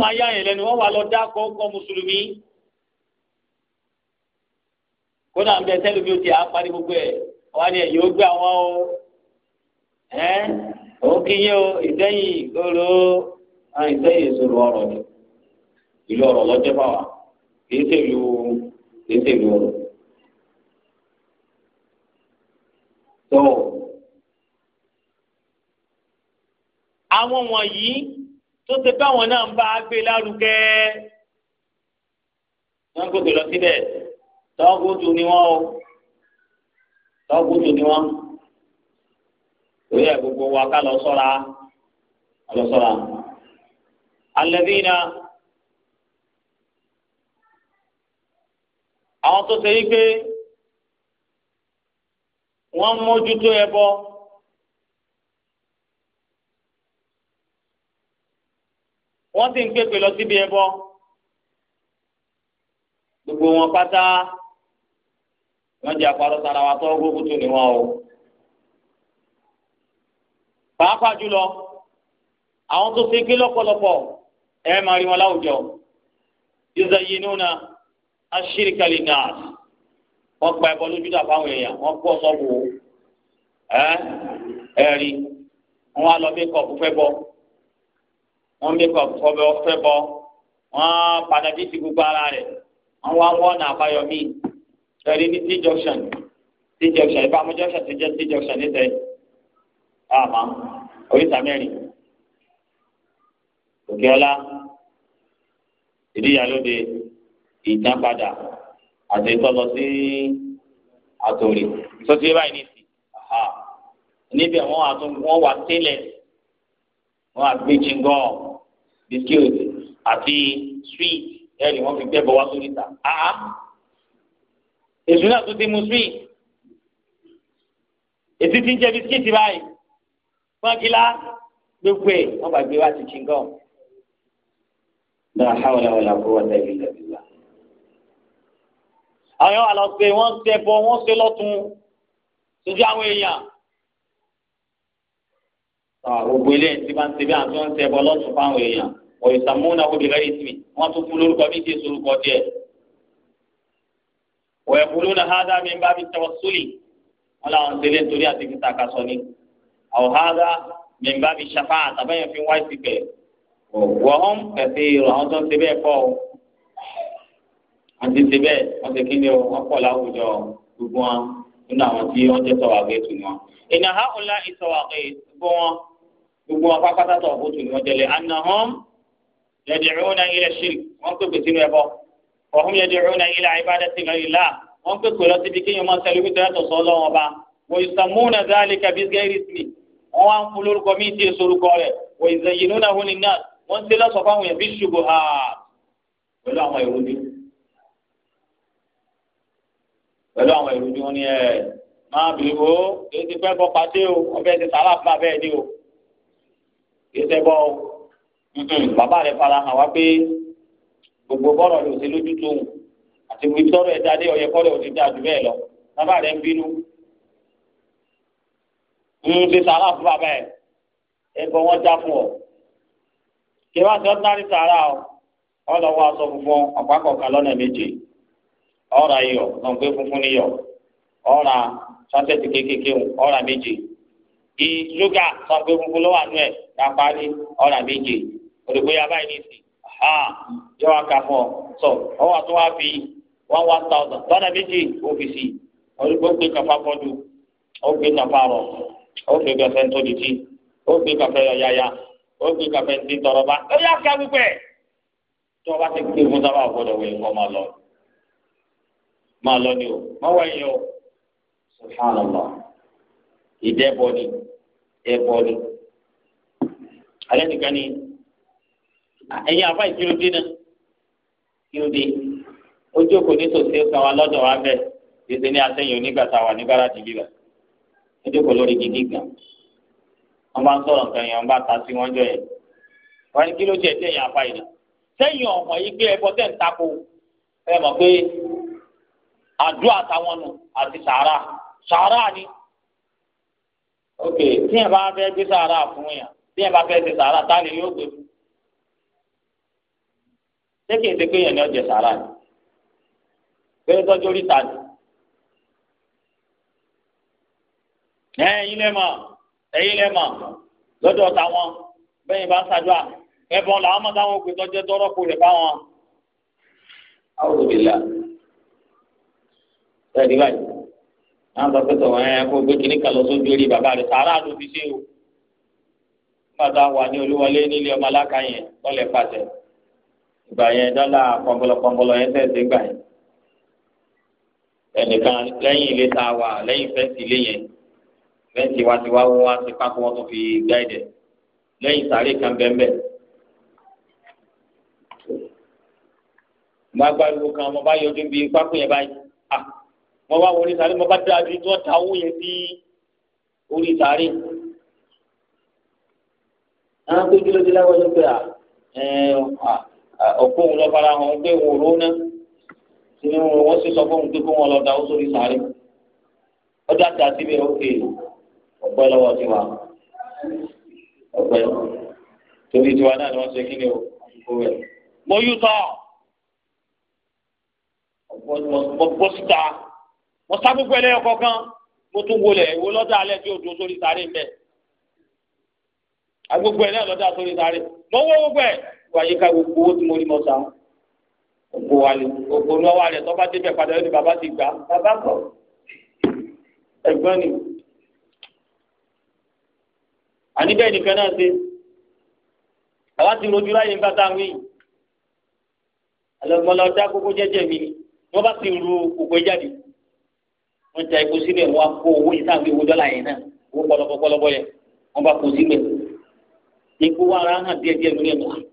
ayé wọ́n wà lọ dákọ̀ ọkọ̀ mùsùlùmí. kódà ń bẹ sẹ́lu bí o ti àpárí gbogbo ẹ̀ wá ní ẹ̀yìn ó gbé àwọn o ẹ́ òun kì í yé o ìdẹ́yìn ìgboro ìdẹ́yìn ìṣòro ọ̀rọ̀ ni ìlú ọ̀rọ̀ lọ́jọ́ fáwa kì í ṣèlú kì í ṣèlú ọ̀rọ̀. tó àwọn wọ̀nyí tó ti báwọn náà ń bá a gbé lárugẹ wọn kò tó lọ síbẹ̀ tọ́gùtù ni wọ́n o tọ́gùtù ni wọ́n lórí ẹ̀ gbogbo wa ká lọ sọ́ra ká lọ sọ́ra. alladhina àwọn tó ṣe yí pé wọ́n mójútó ẹbọ. wọ́n sì ń pèpè lọ síbi ẹbọ gbogbo wọn pátá wọ́n jẹ́ àparọ́ sára wa tó gbógun tó níwọ̀n o. pàápàá jùlọ àwọn tó ṣe gbé lọ́pọ̀lọpọ̀ ẹ máa rí wọn láwùjọ ìzàyínúna aṣíríkàlì náà wọ́n pa ẹ̀bọ lójú dà fáwọn èèyàn wọ́n pọ̀ sọ́wọ́ ẹ ẹ̀rí wọ́n á lọ mékọ̀pù fẹ́ bọ́ wọ́n mékọ̀pù fẹ́ bọ́ wọ́n padà bí ti gbogbo ara rẹ̀ wọ́n wá wọ́n nà àbáyọ míì tẹ̀lé ní t junction t junction ìbámu junction ti jẹ́ t junction níta yìí àmọ́ oríta mẹ́rin òkè ọlá ìdíyàlóde ìjàpadà àti ìtọ́lọ sí àtòrè tó ti báyìí ní ìsìn níbẹ̀ wọ́n wà tún wọ́n wà tẹ́lẹ̀ wọ́n wà gbé chingọ́ àti sweet ẹ̀rì wọ́n fi gbẹ́bọ̀ wá sórí ta èsù náà tó ti mu sí èsì ti ń jẹ bisikíìtì báyìí fọ́nkìlá gbogbo ẹ̀ wọ́n gbàgbé wá ti chingom. náà hàwọlẹ̀ wọlé àbúrò wọn tẹ̀lé ìlẹ̀bìlá. àwọn àlọ́pẹ̀ wọ́n ṣe bọ́ wọ́n ṣe lọ́tún ṣojú àwọn èèyàn. gbogbo ilé tí máa ń ṣe bí àtúntò ń ṣe bọ́ lọ́tún fáwọn èèyàn. ọ̀yọ̀sàmúnà obìnrin rẹ̀ ti mi wọ́n tún fún lórúkọ méje sorúkọ díẹ̀. ويقولون هذا من باب التوسل ولا أنزلين تريا تكتا كاسوني أو هذا من باب الشفاعة تبين في وايسك وهم كثير هم تنتبه فوق àti tibẹ wọn ti kíni o wọn pọ láwùjọ gbogbo wọn nínú àwọn tí wọn jẹ sọwàgbé tù wọn. ìnà ha ọ̀la ìsọwàgbé gbogbo wọn gbogbo wọn pápátá sọwàgbé tù wọn jẹlẹ àná hàn lẹ́dẹ̀ẹ́rẹ́ wọn náà yẹ ṣì wọn pè pè sínú ẹbọ ọ̀hún yẹn dìrò náà ilẹ̀ àìbáda ti lọ ìlà wọ́n pè pè lọ síbi kéèyàn máa sẹ́lẹ̀ wípé yàtọ̀ sọ ọlọ́run ọba wọ́n ìsàmú náà dáálé kabi gẹ́rìsì wọ́n wá ń fún lórúkọ míì tí èso orúkọ rẹ̀ wọ́n ìzẹ̀yìn náà hún ní náà wọ́n ti lọ́sọ̀ fáwọn èèyàn bí ṣubú ha pẹ̀lú àwọn ìrújú pẹ̀lú àwọn ìrújú wọn ni ẹ̀ máa bìrì wo kì í ti fẹ́ bọ́ pàṣẹ o wọ́n fẹ́ ti sàrà fún abẹ́ẹ̀ o kì í tẹ́ bọ́ o gbogbo bọ́ọ̀rọ̀ ló ṣe lójú tó wù àti wí sọ́rọ̀ ẹ̀dá dé ọ̀yẹ́ kọ́rẹ́ òsì dá ju bẹ́ẹ̀ lọ bàbá rẹ̀ ń bínú ń ṣe sàrà fún bàbá ẹ̀ ẹ̀kọ́ wọn já fún ọ kí wọ́n sọ sáré sàrà ọ ọlọ́wọ́ aṣọ funfun ọ̀pákọ̀ọ̀kà lọ́nà méje ọ̀rà iyọ̀ lọ́npẹ́ funfun níyọ̀ ọ̀rà sásẹ̀tì kékèké ọ̀rà méje ìṣúgà lọ́npẹ́ funfun lọ́wọ́ àánú ẹ̀ dàpárí ọ̀rà méje òdòkó yaba ẹ̀ ní ìsìn Ah, yọ wá ka fún ọ sọ ọwọ́ àti wá fi one one thousand lọ́nà méjì òfìsì ó gbé kàfá fọ́dù ó gbé kàfá rọ̀ ó gbé kàfẹ́ ntòdìtì ó gbé kàfẹ́ yọ̀yàyà ó gbé kàfẹ́ ntì tọrọba ó yà ká gbígbẹ́ tó o bá ti gbé fún sábà gbọdọ̀ wẹ̀ kọ́ máa lọ máa lọ ni o máa wá yẹn o subhanallah ìdẹ́bọ ni ẹ̀bọ ni alẹ́ nìkan ni ẹ̀yin àbá ìkíròdé náà kíròdé ojú òkò nítòsí ọ̀sán wa lọ́dọ̀ wa bẹ́ẹ̀ gbèsè ní asẹ́yìn onígbà tá a wà ní gáràjì bíbà ojú òkò lórí gidi gan wọn bá ń sọ̀rọ̀ nǹkan yẹn wọn bá ta sí wọn jọ yẹn wọn ní kíròdé ẹ̀ tẹ̀yìn àbá yìí sẹ́yìn ọ̀mọ̀ yìí gbé ẹbọ tẹ̀ ń tako ẹ mọ̀ pé àdúrà táwọn nù àti sàárà sàárà ni ok tí yẹn bá fẹ́ gbé sàárà fún yàn tí bá fẹ́ ṣe sàárà tá a lè yóò gbé fún ṣé ṣe pé yẹn ni ọjẹ sàrà ni pé ń tọ́jú oríta ni. ẹ ilé mọ ẹ ilé mọ lọ́dọ̀ táwọn bẹ́ẹ̀ bá ń ṣàdúrà ẹ̀bùn làwọn máa táwọn òkè tọ́jú tọ́rọ́ kò lè bá wọn. àwọn òbílà ẹ̀ ní báyìí náà sọ pé tọ̀wọ́n ẹ̀ kó gbé kínní kan lọ sójú orí bàbá rẹ̀ sàrà ló fi ṣe o. nígbà táwọn wà ní olúwọlé nílé ọmọ aláka yẹn lọ́lẹ̀ pàṣẹ ìgbà yẹn dọ́là pọ̀npọ̀lọpọ̀npọ̀lọ yẹn tẹ̀sí gbà yẹn ẹnìkan lẹ́yìn ilé tá a wà lẹ́yìn fẹ́ǹsì ilé yẹn fẹ́ǹsì wa ti wá wọ́n wá sí pákó wọn tó fi gáìdẹ̀ lẹ́yìn sáré kan bẹ́ẹ̀ mo agbariwo kan mo bá yọjú bíi pákó yẹn báyìí ah mo bá wọlé sáré mo bá dáa bíi tí wọ́n ta owó yẹn sí orí sáré àwọn akéwìjì ló ti láwọn ẹ òkú òun lọ fara hàn pé òun ró náà sínú wọn sì sọ fóun pé kó wọn lọ da ó sórí sáré ọjà tí a ti bẹ òkè ọpẹ́ lọ́wọ́ tiwa ọpẹ́ torí tiwa náà ni wọn ṣe kí ni o kó rẹ mo yú tọ mo bọ́ síta mo sá gbogbo ẹlẹ́yọ kọ̀ọ̀kan mo tún wọlé ìwo lọ́dọ̀ alẹ́ tí o dúró sórí sáré ń bẹ̀ agbogbo náà lọ́dọ̀ sórí sáré mo wọ́ gbogbo ẹ̀ wáyé ká gbogbo owó tí mo rí mọ sàn gbogbo wa lè gbogbo ní ọwọ́ rẹ̀ tọ́ba débẹ̀ padà yóò ní bàbá ti gbà bàbá kọ̀ ẹ̀gbọ́n ni àní bẹ́ẹ̀ nìkan náà ṣe àwa ti rojú láyé nígbà tá a wí alọ́gbọ́n lọ dá kókó jẹ́jẹ́ mi ni wọ́n bá ti ru kókó jáde wọ́n ta epo síbẹ̀ wọ́n á kó owó yìí sáà fi owó dọ́là yẹn náà owó pọlọpọ pọlọpọ yẹn wọ́n bá kó síbẹ̀ epo wa ara hàn díẹ̀díẹ̀ lórí ẹ̀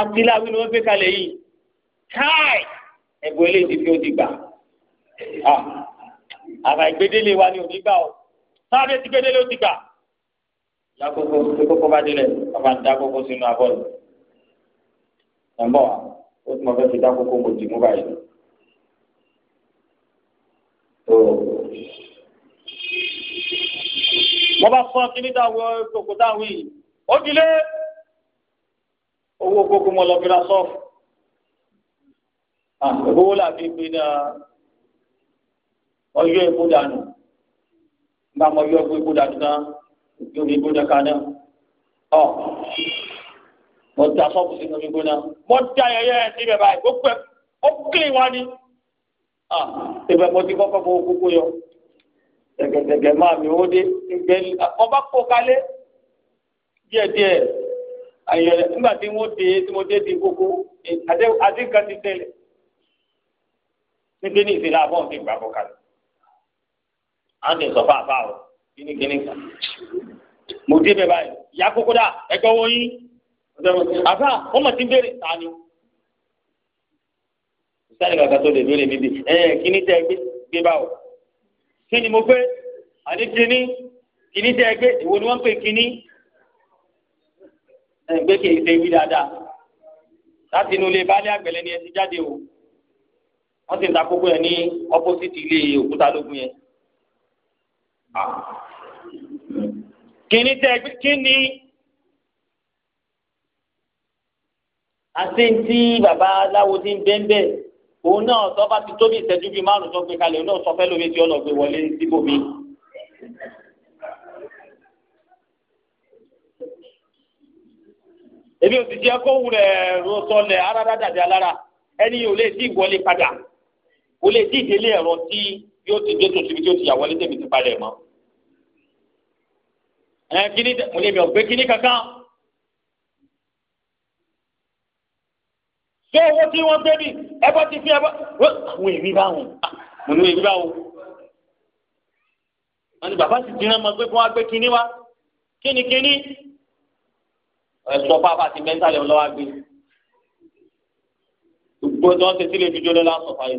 àtìláwí ni wọ́n gbé kalẹ̀ yìí káì ẹ̀gbọ́n eléyìí ti fi ó ti gbà àbá ìgbédélé wa ni ò ní gbà ó sáré ti gbédélé ó ti gbà lákòókò tí kókó bá délẹ̀ ọba ń dá kókó sínú abọ́ ni nàmbọ̀ wa ó ti mọ fẹ́ fi dá kókó mo dì mú báyìí tó wọ́n bá fún ọ kí níta wọ òkúta wí ó dilé owó kókó mọ́ lọ́ọ́ fi ra sọ́ọ̀fù ah, owó làbí pé náà ọyọ́ epo dànù nígbà mọ́ ọyọ́ epo dànù náà yóò fi gbóná kaná ọ mo da sọ́ọ̀fù sínú mi gbóná mo da ayẹyẹ ẹ̀ síbẹ̀ báyìí gbogbo ẹ̀ ó kílì wá ní ah, ìbẹ̀ mo ti kọ́kọ́ fowó kókó yọ gẹ̀gẹ̀gẹ̀gẹ̀ máa mi ó dé ọba kó kalẹ̀ díẹ̀díẹ̀ àyẹ nígbà tí wọ́n dé tí mo dé di kókó àti nǹkan ti tẹ̀lé níbi ní ìsinmi àbọ̀ ti gbà bọ̀ kalẹ̀ à ń tẹ̀ sọ fáfá o kíní kíní kan mo dé bẹ́ẹ̀ báyìí ìyá kókó dà ẹgbẹ́ wọ́n yín àfà wọ́n mọ̀ sí ń béèrè ta ni sani kaka tó lè béèrè mi bi ẹ kíní tẹ gbé gbé báwo kíni mo gbé àní kíní kíní tẹ gbé ìwo ni wọ́n pè kíní ẹgbẹ́ kìí ṣe wí dáadáa láti inú ilé baálé àgbẹ̀lẹ̀ ni ẹ ti jáde o wọ́n ti ń ta kókó yẹn ní ọ́pọ́sìtì ilé òkúta lógún yẹn. kíni tẹ kíni àti tí bàbá aláwo ti ń bẹ́ńbẹ́ òun náà sọ bá ti tóbi ìṣẹ́jú bíi márùn-ún tó gbé kalẹ̀ òun náà sọ fẹ́ lómi tí ọ̀nà gbé wọlé síbòmí. èmi ò ti jẹ́ kó wù rẹ̀ rọ̀sọ̀ lẹ̀ arára dàbí alára ẹni ò lè tí ì wọlé padà kò lè tí ì délé ẹ̀rọ tí yóò ti dé tuntun tí ó ti yà wọlé tèmi ti palẹ̀ mọ́. ẹ kíní mo lè mi ò gbé kíní kankan. ṣé owó tí wọ́n gbé mi ẹbọ ti fi ẹbọ àwọn èmi báwọn mo ní èmi báwọn. wọ́n ní bàbá sì ti rán ọmọ gbé fún wa gbé kini. wa kíní kíní ẹ̀sọ́ pápá àti mẹ́ńtàlì ọlọ́wà gbé gbogbo tí wọ́n ti sílẹ̀ fi jóná lásán fàyè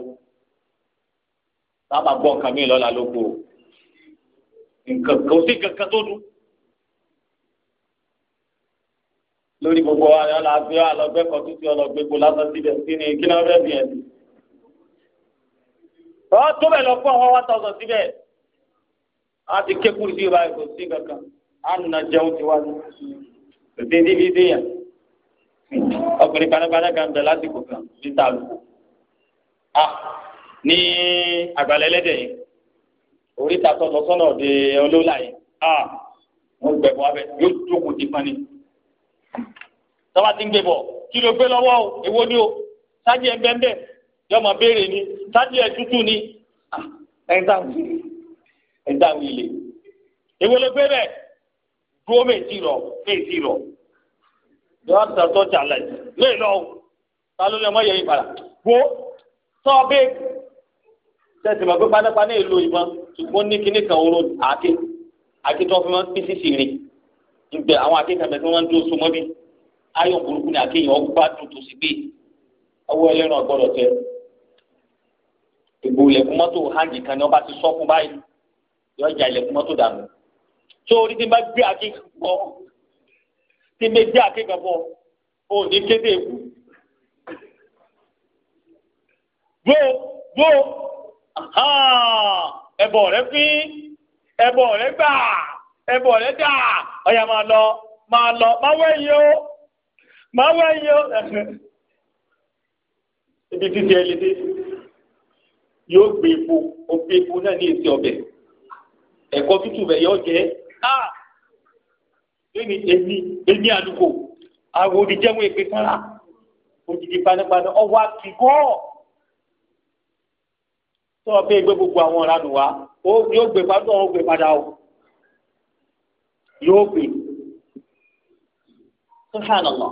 sábà gbọ́ nǹkan mìíràn lọ́la lóko nǹkan kò sí kankan tó dùn lórí gbogbo wa yọ̀ọ́ làbí ọlọ́gbẹ́ kan tó ti ọlọ́gbẹ́ kó lásán síbẹ̀ sí ni kí náà fẹ́ẹ́ bìyẹn sí. ọ̀ tó bẹ̀ lọ fún àwọn one thousand síbẹ̀ á ti ké kúrú sí ìbáyìí kò sí kankan á nà jẹun tiwa ní òsì ní fi déyàn ọkùnrin panápaná kan bẹ lásìkò kan níta lù a ní àgbàlẹ̀ ẹlẹ́dẹ̀ yìí oríta tọ́tọ́ sọ́nà òde ọlọ́lá yìí a wọ́n gbẹ̀bọ̀ abẹ yóò jókòó ti pani tọ́ba ti ń gbẹ̀bọ̀ kí ló gbé lọ́wọ́ o èwo ni o sájì ẹ̀ bẹ́ẹ̀ yọmọ béèrè ni sájì ẹ̀ tútù ni ẹ̀ ń ẹ̀ ń dáhùn ilé èwo ló gbé bẹ́ẹ̀ dúró méjì lọ méjì lọ yọ tọ̀tọ̀ jalè lé lọ ta ló lè mọ yẹ ìpàdà wo tọ́ bẹ́ẹ̀ tẹ̀sí ma pé panápaná èlò ìbọn ṣùgbọ́n ní kíní kan oró àáké àáké tó fi máa ń pín sísè rè ńgbẹ àwọn àáké kan bẹ tí wọ́n ń dúró so mọ́ bí ayọ̀ burúkú ni àáké yẹn ọgbà tuntun sí gbé ọwọ́ ẹlẹ́ran gbọ́dọ̀ tẹ ìgbò ilẹ̀kùn mọ́tò hàǹgì kan ni wọ́n bá ti sọ fún báyìí yọ ọjà ilẹ̀kùn mọ́tò dànù tó orí ti bá gbé àkíkà bọ ti bẹ gbé àkíkà bọ ò ní kéde èkú. gbó gbó ẹbọ rẹ fín ẹbọ rẹ gbà ẹbọ rẹ dà ọyà máa lọ máa lọ máa wẹ̀yìn o máa wẹ̀yìn o ibi títí ẹ lè dé yóò gbé epo ògbé epo náà ní èsì ọbẹ̀ ẹ̀kọ́ tútù bẹ yóò jẹ ká ah! èmi èmi èmi àdúgbò àwọn olùjẹ́wọ̀n èpè kára òjijì panápaná ọwọ́ àkìkọ́ tó o bẹ́ẹ̀ gbé gbogbo àwọn ìranù wa yóò gbé padà ó gbé padà ó yóò gbé subhanallah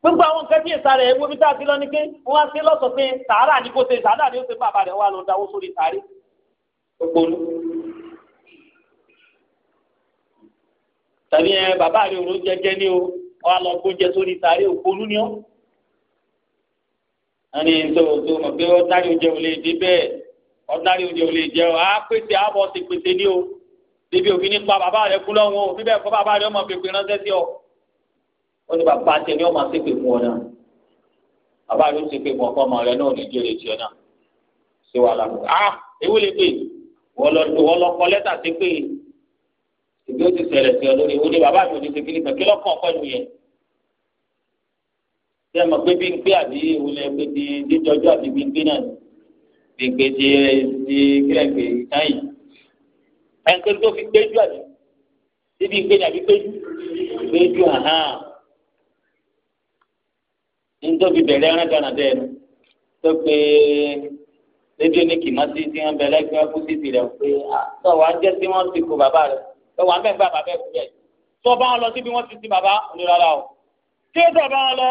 gbogbo àwọn nǹkan bí ìsàlẹ̀ ewu bí tá a ti lọ ní pé wọ́n á sí lọ́sọ̀ pé sàárà ni kò ṣe sàárà ni ó ṣe bàbá rẹ̀ wà lọ́dọ̀ àwọn sórí sàárè gbogbo olú. tàbí ẹ bàbá rẹ òun jẹjẹ ní o ọ lọ gbóúnjẹ sórí sàárè òkúlú ni ọ. wọn ní tó tó mọ̀ pé ọ̀dárí oúnjẹ ò lè dé bẹ́ẹ̀ ọ̀dárí oúnjẹ ò lè jẹ ọ á pèsè ti pèsè ní o débi òfin nípa bàbá rẹ kú lọ́wọ́ o bíbẹ̀ kọ́ bàbá rẹ ọmọ pèpè ránṣẹ́ sí ọ. ó ní bàbá tiẹ̀ ní ọmọ ṣépè fún ọ náà bàbá rẹ ó ṣépè fún ọkọ ọmọ rẹ náà ní jèrè tiẹ̀ náà ṣé wàá làkùn. ah ewu lè pè wọ́n lọ kọ lẹ́tà ṣépè yìí ìbí ó ti ṣẹlẹ̀ sí ọ lórí ewu ni bàbá mi ò ní ṣe kíni kan kí lọ́kàn pẹ̀lú yẹn. ṣé ẹ mọ̀ pé bí n pé àbí ewu lẹ pé ti dídọ́jú àbí bí n pé náà bí n pé ti ti kílẹ̀gbẹ̀ táyì. ẹnìkan tó fi péjú àbí síbi n pé ní àbí péjú péjú àhán. ní tó fi bẹ̀rẹ̀ ẹran gánà bẹ́ẹ̀ ni tó pé rédíò ní kìmọ́sí tí wọ́n bẹ lẹ́gbẹ̀ẹ́ fún títì rẹ̀ pé àtọ̀wá ah, jẹ́ tí wọ́n ti kó bàbá rẹ̀ ẹwà mẹ́gbà bàbá ẹ̀kú bẹ́ẹ̀ tó bá wọn lọ síbi wọ́n ti sin bàbá onírara o tí ó tó bá wọn lọ.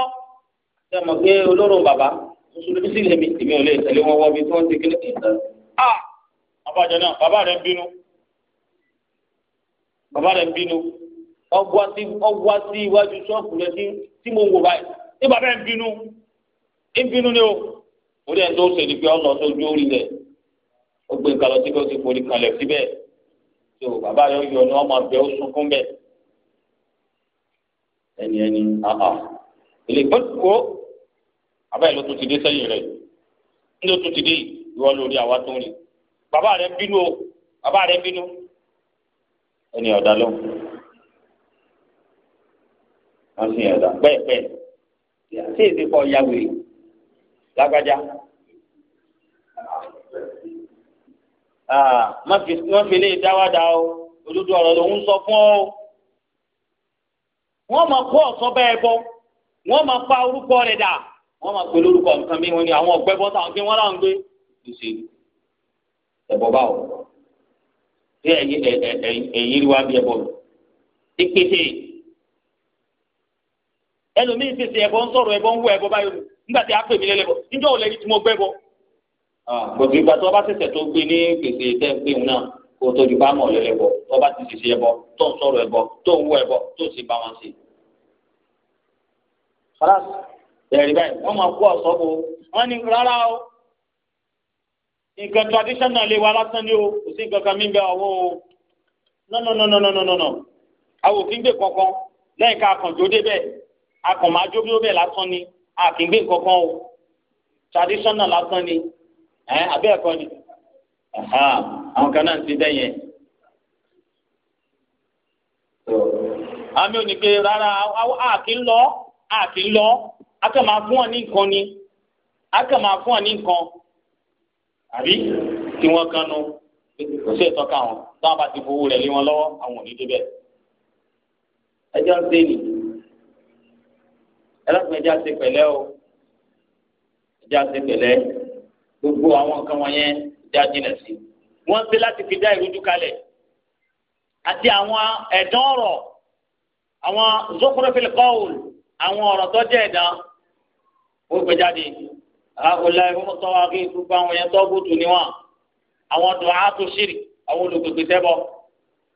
ṣe mọ̀ pé olóró bàbá mùsùlùmí sì lèmi èmi ò lè tẹ̀lé wọn wọ́bi tí wọ́n ti kílẹ̀ kí n tẹ̀. a àbájọ náà bàbá rẹ̀ ń bínú bàbá rẹ̀ ń bínú ọgbà sí ọgbà sí iwájú ṣọ́ọ̀kù rẹ̀ tí mo ń wò báyìí ní bàbá ń bínú ń bínú ni o orí ẹ̀ tó ṣèlú pé ọ̀nà ọ̀ṣọ́jú orí rẹ̀ ó gbé nǹkan lọ síbẹ̀ ó ti forí kalẹ̀ síbẹ̀ tó bàbá yọ yọ ni wọn máa bẹ ó sunkún bẹ ẹni ẹni àhà èlé gbọdọ abáyé ló tún ti dé sẹ́yìn rẹ ní o tún ti dé ìwọ lórí àwa tó ń rí bàbá rẹ bínú o bàbá rẹ bínú ẹni ọ̀dà lọ wọn sì yàn ọ̀dà pẹ́ẹ́pẹ́ẹ́ sí èsì kọ́ yàwé lágbájá. wọ́n fi lè dáwádà o olódò ọ̀rọ̀ lòún sọ fún ọ o. wọ́n máa kó ọ̀sọ́ bẹ́ẹ̀ bọ́ wọ́n máa pa orúkọ rẹ̀ dà wọ́n máa pe lórúkọ nǹkan mi wọ́n ní àwọn ọ̀gbẹ́ bọ́ táwọn gbé wọ́n láwọn gbé. ìṣèlú ẹ̀bọ̀ báwo ṣé ẹ̀yìn rí wá bí ẹ̀bọ̀ lò ìpèsè ẹlòmíín pèsè ẹ̀bọ̀ ń sọ̀rọ̀ ẹ̀bọ̀ ń wọ ẹ̀bọ̀ báyìí nígbà tí a pè mí lẹ́lẹ́bọ̀ níjọ́ ò lẹ́ni tí mo gbẹ́ bọ̀ gbogbo ìgbà tó o bá ṣẹ̀ṣẹ̀ tó gbé ní gbèsè tẹ́ ń gbéhùn náà kó o tó ju bá mọ̀ lẹ́lẹ́ bọ̀ tó o bá ti ṣèṣe ẹbọ tó ń sọ̀rọ̀ ẹbọ tó ń wú ẹbọ tó sì bá wọn ṣe. faransé ẹ̀rí báyìí wọ́n máa kó ọ̀sọ́ bo wọ́n ní rárá o nǹkan traditional lè wa lásán ni o kò sí nǹkan kan mí bẹ ọwọ́ o nọ́nọ́nọ́nọ́nọ́nọ́ àwọn òfin gbé kankan lẹ́yìn ká àkànjó débẹ̀ àkànmájó bí ó bẹ̀ lásán ni àkìngbé kankan o traditional lásán ni ẹ abẹ́ ẹ̀kọ́ ni àwọn kan náà ti dẹ́ yẹn. àmì òní pé rárá a kì í lọ a kì í lọ a kàn máa fún ọ ní nǹkan ni a kàn máa fún ọ ní nǹkan àbí tí wọ́n kan nu kò sí ẹ̀tọ́ ká wọn táwọn bá ti fowó rẹ̀ lé wọn lọ́wọ́ àwọn ò ní débẹ̀ ẹjọ́ ń sẹ́yìn ẹlọ́pàá ẹjọ́ àti pẹ̀lẹ́ o ẹjọ́ àti pẹ̀lẹ́ gbogbo àwọn nǹkan wọ̀nyẹn já jìnnà sí wọ́n ń ṣe láti fi dá ìrújú kalẹ̀ àti àwọn ẹ̀dán ọ̀rọ̀ àwọn zokurofil kọ́ọ̀l àwọn ọ̀rọ̀ tó jẹ́ ẹ̀dán ó gbé jáde àhùlà ìhun tó gbogbo àwọn yẹn tó bùtù níwọ̀n àwọn tó á tó ṣírí àwọn olùgbègbè sẹ́bọ̀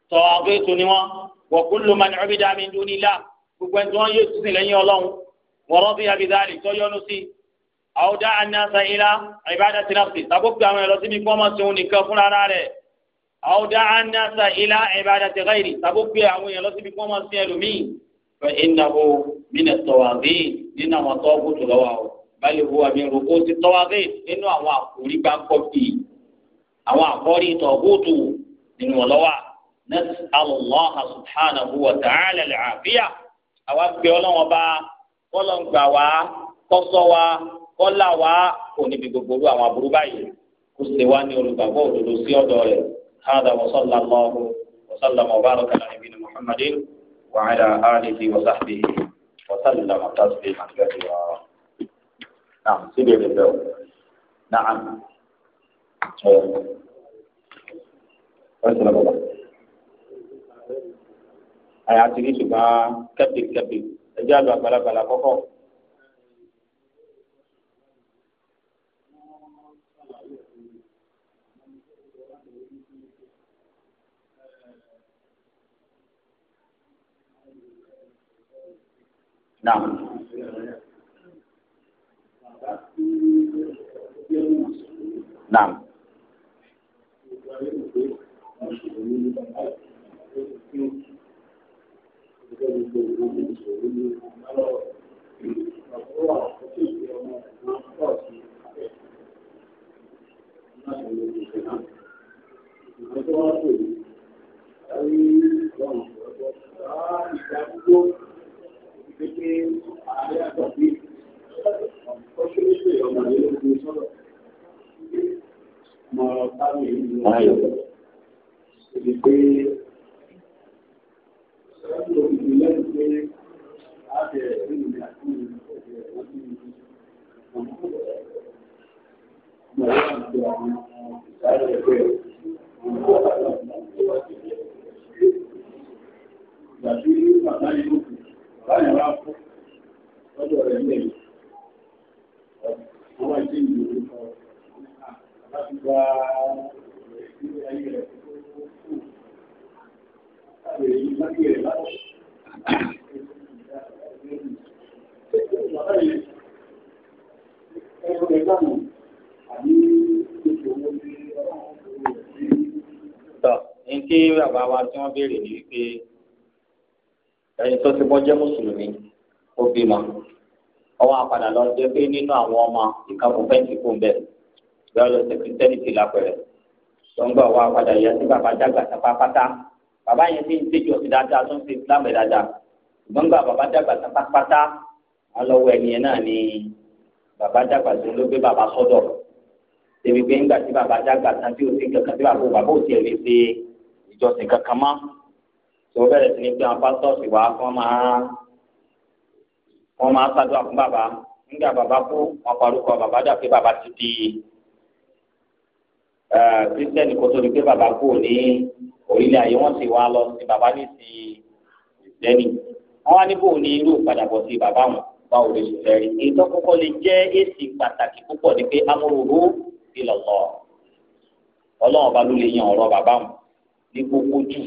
tó wá tó níwọ̀n wọ́n kú ní ọbí dá mi dúnílá gbogbo ẹni tí wọ́n yé sísìn lẹ́yìn ọlọ́run wọ́n rọ́ bí abidá rè tó yọ́nú sí i. A da anasa ila ibadati nafsi tàbó pé àwọn ẹ̀rọ síbi kọ́ máa sòun nìkan fúnra ila ibadati ghairi tàbó pé àwọn ẹ̀rọ síbi kọ́ máa sin ẹlòmíì fa innahu min at-tawaghin nínú àwọn tọ́wọ́ min rukusi at-tawaghin nínú àwọn àkórí gbáǹkọ́ bíi àwọn àkórí kọ́lá wa kò níbi gbogbo ru àwọn aburú báyìí kò sì wá ní olùgbàgbọ́ òdodo sí ọ̀dọ̀ rẹ̀ hádà wàsálà lọ́hùn wàsálà mọ̀bára kàlà níbi ní muhammadin wàhálà alihi wàsáàbì wàsálà mọ̀tàsílì àgbẹ̀dìwà. naam síbi rẹ̀ bẹ́ẹ̀ ṣùgbọ́n kẹ́pì kẹ́pì ẹjẹ́ àgbàlagbà kọ́kọ́. Náà. Náà. Thank you. tí bàbá wa tí wọ́n béèrè ní wípé ẹni tó ti bọ́ jẹ́ mùsùlùmí ó bímọ ọwọ́ àpàdà lọ jẹ́ pé nínú àwọn ọmọ ìkàkùn fẹ́ǹsì kò ń bẹ̀ bẹ́ẹ̀ lọ sí kìrìtẹ́nìtì lápẹ̀rẹ̀ tó ń gbọ́ ọwọ́ àpàdà yẹn tí bàbá dàgbà sápápátá bàbá yẹn ti ń tẹjọ sí dáadáa tó ń ṣe islam dáadáa ṣùgbọ́n gba bàbá dàgbà sápápátá alọ́wọ́ ẹni yẹn náà ni bàbá dàgbà tó ló gbé bàbá sọ́dọ̀ débi pé ńgbà tí bàbá dàgbà tán tí ó ti kankan tí bàbá òbá ìjọsìn kankan mọ́ tó bẹ̀rẹ̀ sí ní pé àwọn pásítọ̀sì wa wọ́n máa wọ́n máa ṣàdúrà fún bàbá nígbà bàbá kú wọ́n parúkọ bàbá dà pé bàbá ti di kírísítẹ́nì eh, kó tó di pé bàbá kú ní orílẹ̀ ayé wọ́n sì wá lọ sí bàbá ní sí ìsẹ́nì wọ́n wá níbò ní irú ìpadàbọ̀ sí bàbá wọn báwo lè ṣiṣẹ́ rí ètò kọ́kọ́ lè jẹ́ èsì pàtàkì púpọ̀ ní pé amúrúurú ti lọ̀tọ̀ ọlọ́run ọba ló lè yan ọ̀rọ̀ bàbá wọn ní gbogbo jù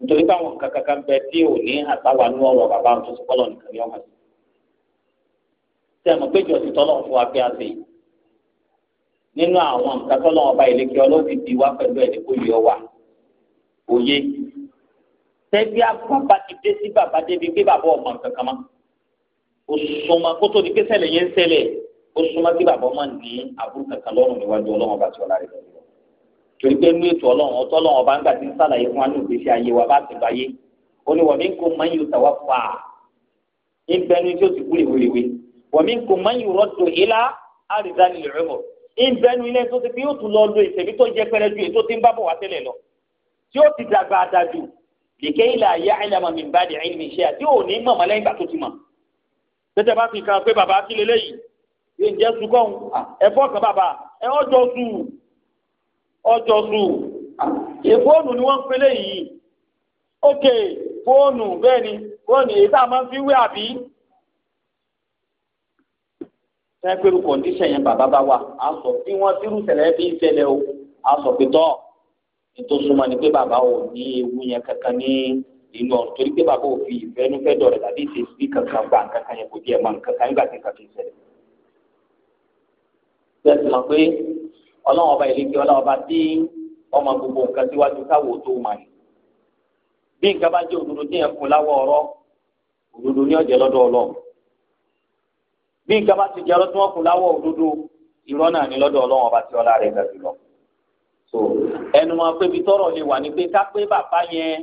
nítorí táwọn kankankan bẹ tí ò ní àtàwà ní ọ̀rọ̀ bàbá tó ti kọlọ nìkan ní ọmọ sí sẹmọ péjọ ti tọ́lọ̀ fún wa bí a ṣe nínú àwọn nǹkan tọ́lọ̀ ọba ìlẹ́kẹ ọlọ́ọ̀dì bí wá pẹ̀lú ẹ̀ ní kò yọ wà òye tẹ́bí àbàbà ti dé sí bàbá débi pé bàbá ọmọ kankan mọ́ òṣùmọ̀ kótó ni pé ṣẹlẹ̀ yẹn ń ṣẹlẹ̀ ó kí bàbá ọmọ ní àbúrò torí pé ní ètò ọlọ́run ọtọ́ ọlọ́run ọba ń gbà tí ń sàlàyé fún wa ní ìgbésí ayé wa bá ti lọ ayé ó ní wọ̀mí kò máa ń yọ tàwa fà á ìbẹnu tí ó ti kú lèwèlèwè wọ̀mí kò máa ń yọ rọ́tò ìlà àrídá nílẹ̀ rẹ̀ mọ̀ ìbẹnu ilé tó ti fi yóò tún lọ lo ìṣèlú tó jẹ pẹrẹ ju ètò tí ń bá bọ̀ wá tẹ́lẹ̀ lọ tí ó ti dàgbà àdájú kìkẹ́ ilà ayé àìlàmọ̀ mi bá di àìlèmí iṣẹ́ àti ò ní mọ̀mọ́ lẹ́yìn ìgbà tó ti mọ̀ tẹ́tẹ́ bá fi kan pé bàbá kí leléyìí yóò jẹ́ sukọ́ ẹ̀fọ́ kan bàbá ẹ̀ ọ́ jọ sùn ọjọ́ sùn èfóònù ni wọ́n ń pelé yìí ókè fóònù bẹ́ẹ̀ ni fóònù èyí tá a máa ń fi wé àbí. sẹ́yìn pẹ̀lú kọ̀ǹdíṣẹ̀ yẹn bàbá bá wà á sọ bí wọ́n tírú ṣẹlẹ̀ bí o á sọ pé tọ́ ni pé bàbá fi dọ̀rẹ̀ tàbí kankan gbà kankan yẹn kò ọlọ́wọ́n ọba ìlẹ́kẹ ọlọ́wọ́n ọba tí ọmọ gbogbo nǹkan síwájú káwọ́ tó mà ní. bí nǹkan bá jẹ́ òdodo tí yẹn fún láwọ̀ ọ̀rọ̀ òdodo ní ọ̀jẹ̀ lọ́dọ̀ ọlọ́run bí nǹkan bá ti jẹ́ ọ̀rọ̀ wọ́n fún láwọ̀ òdodo irọ́ náà ní lọ́dọ̀ ọlọ́run ọba tí ọlá rẹ̀ ga jùlọ. so ẹnu wọn pé ibi tọ́rọ̀ lè wà ní pé ká pé bàbá yẹn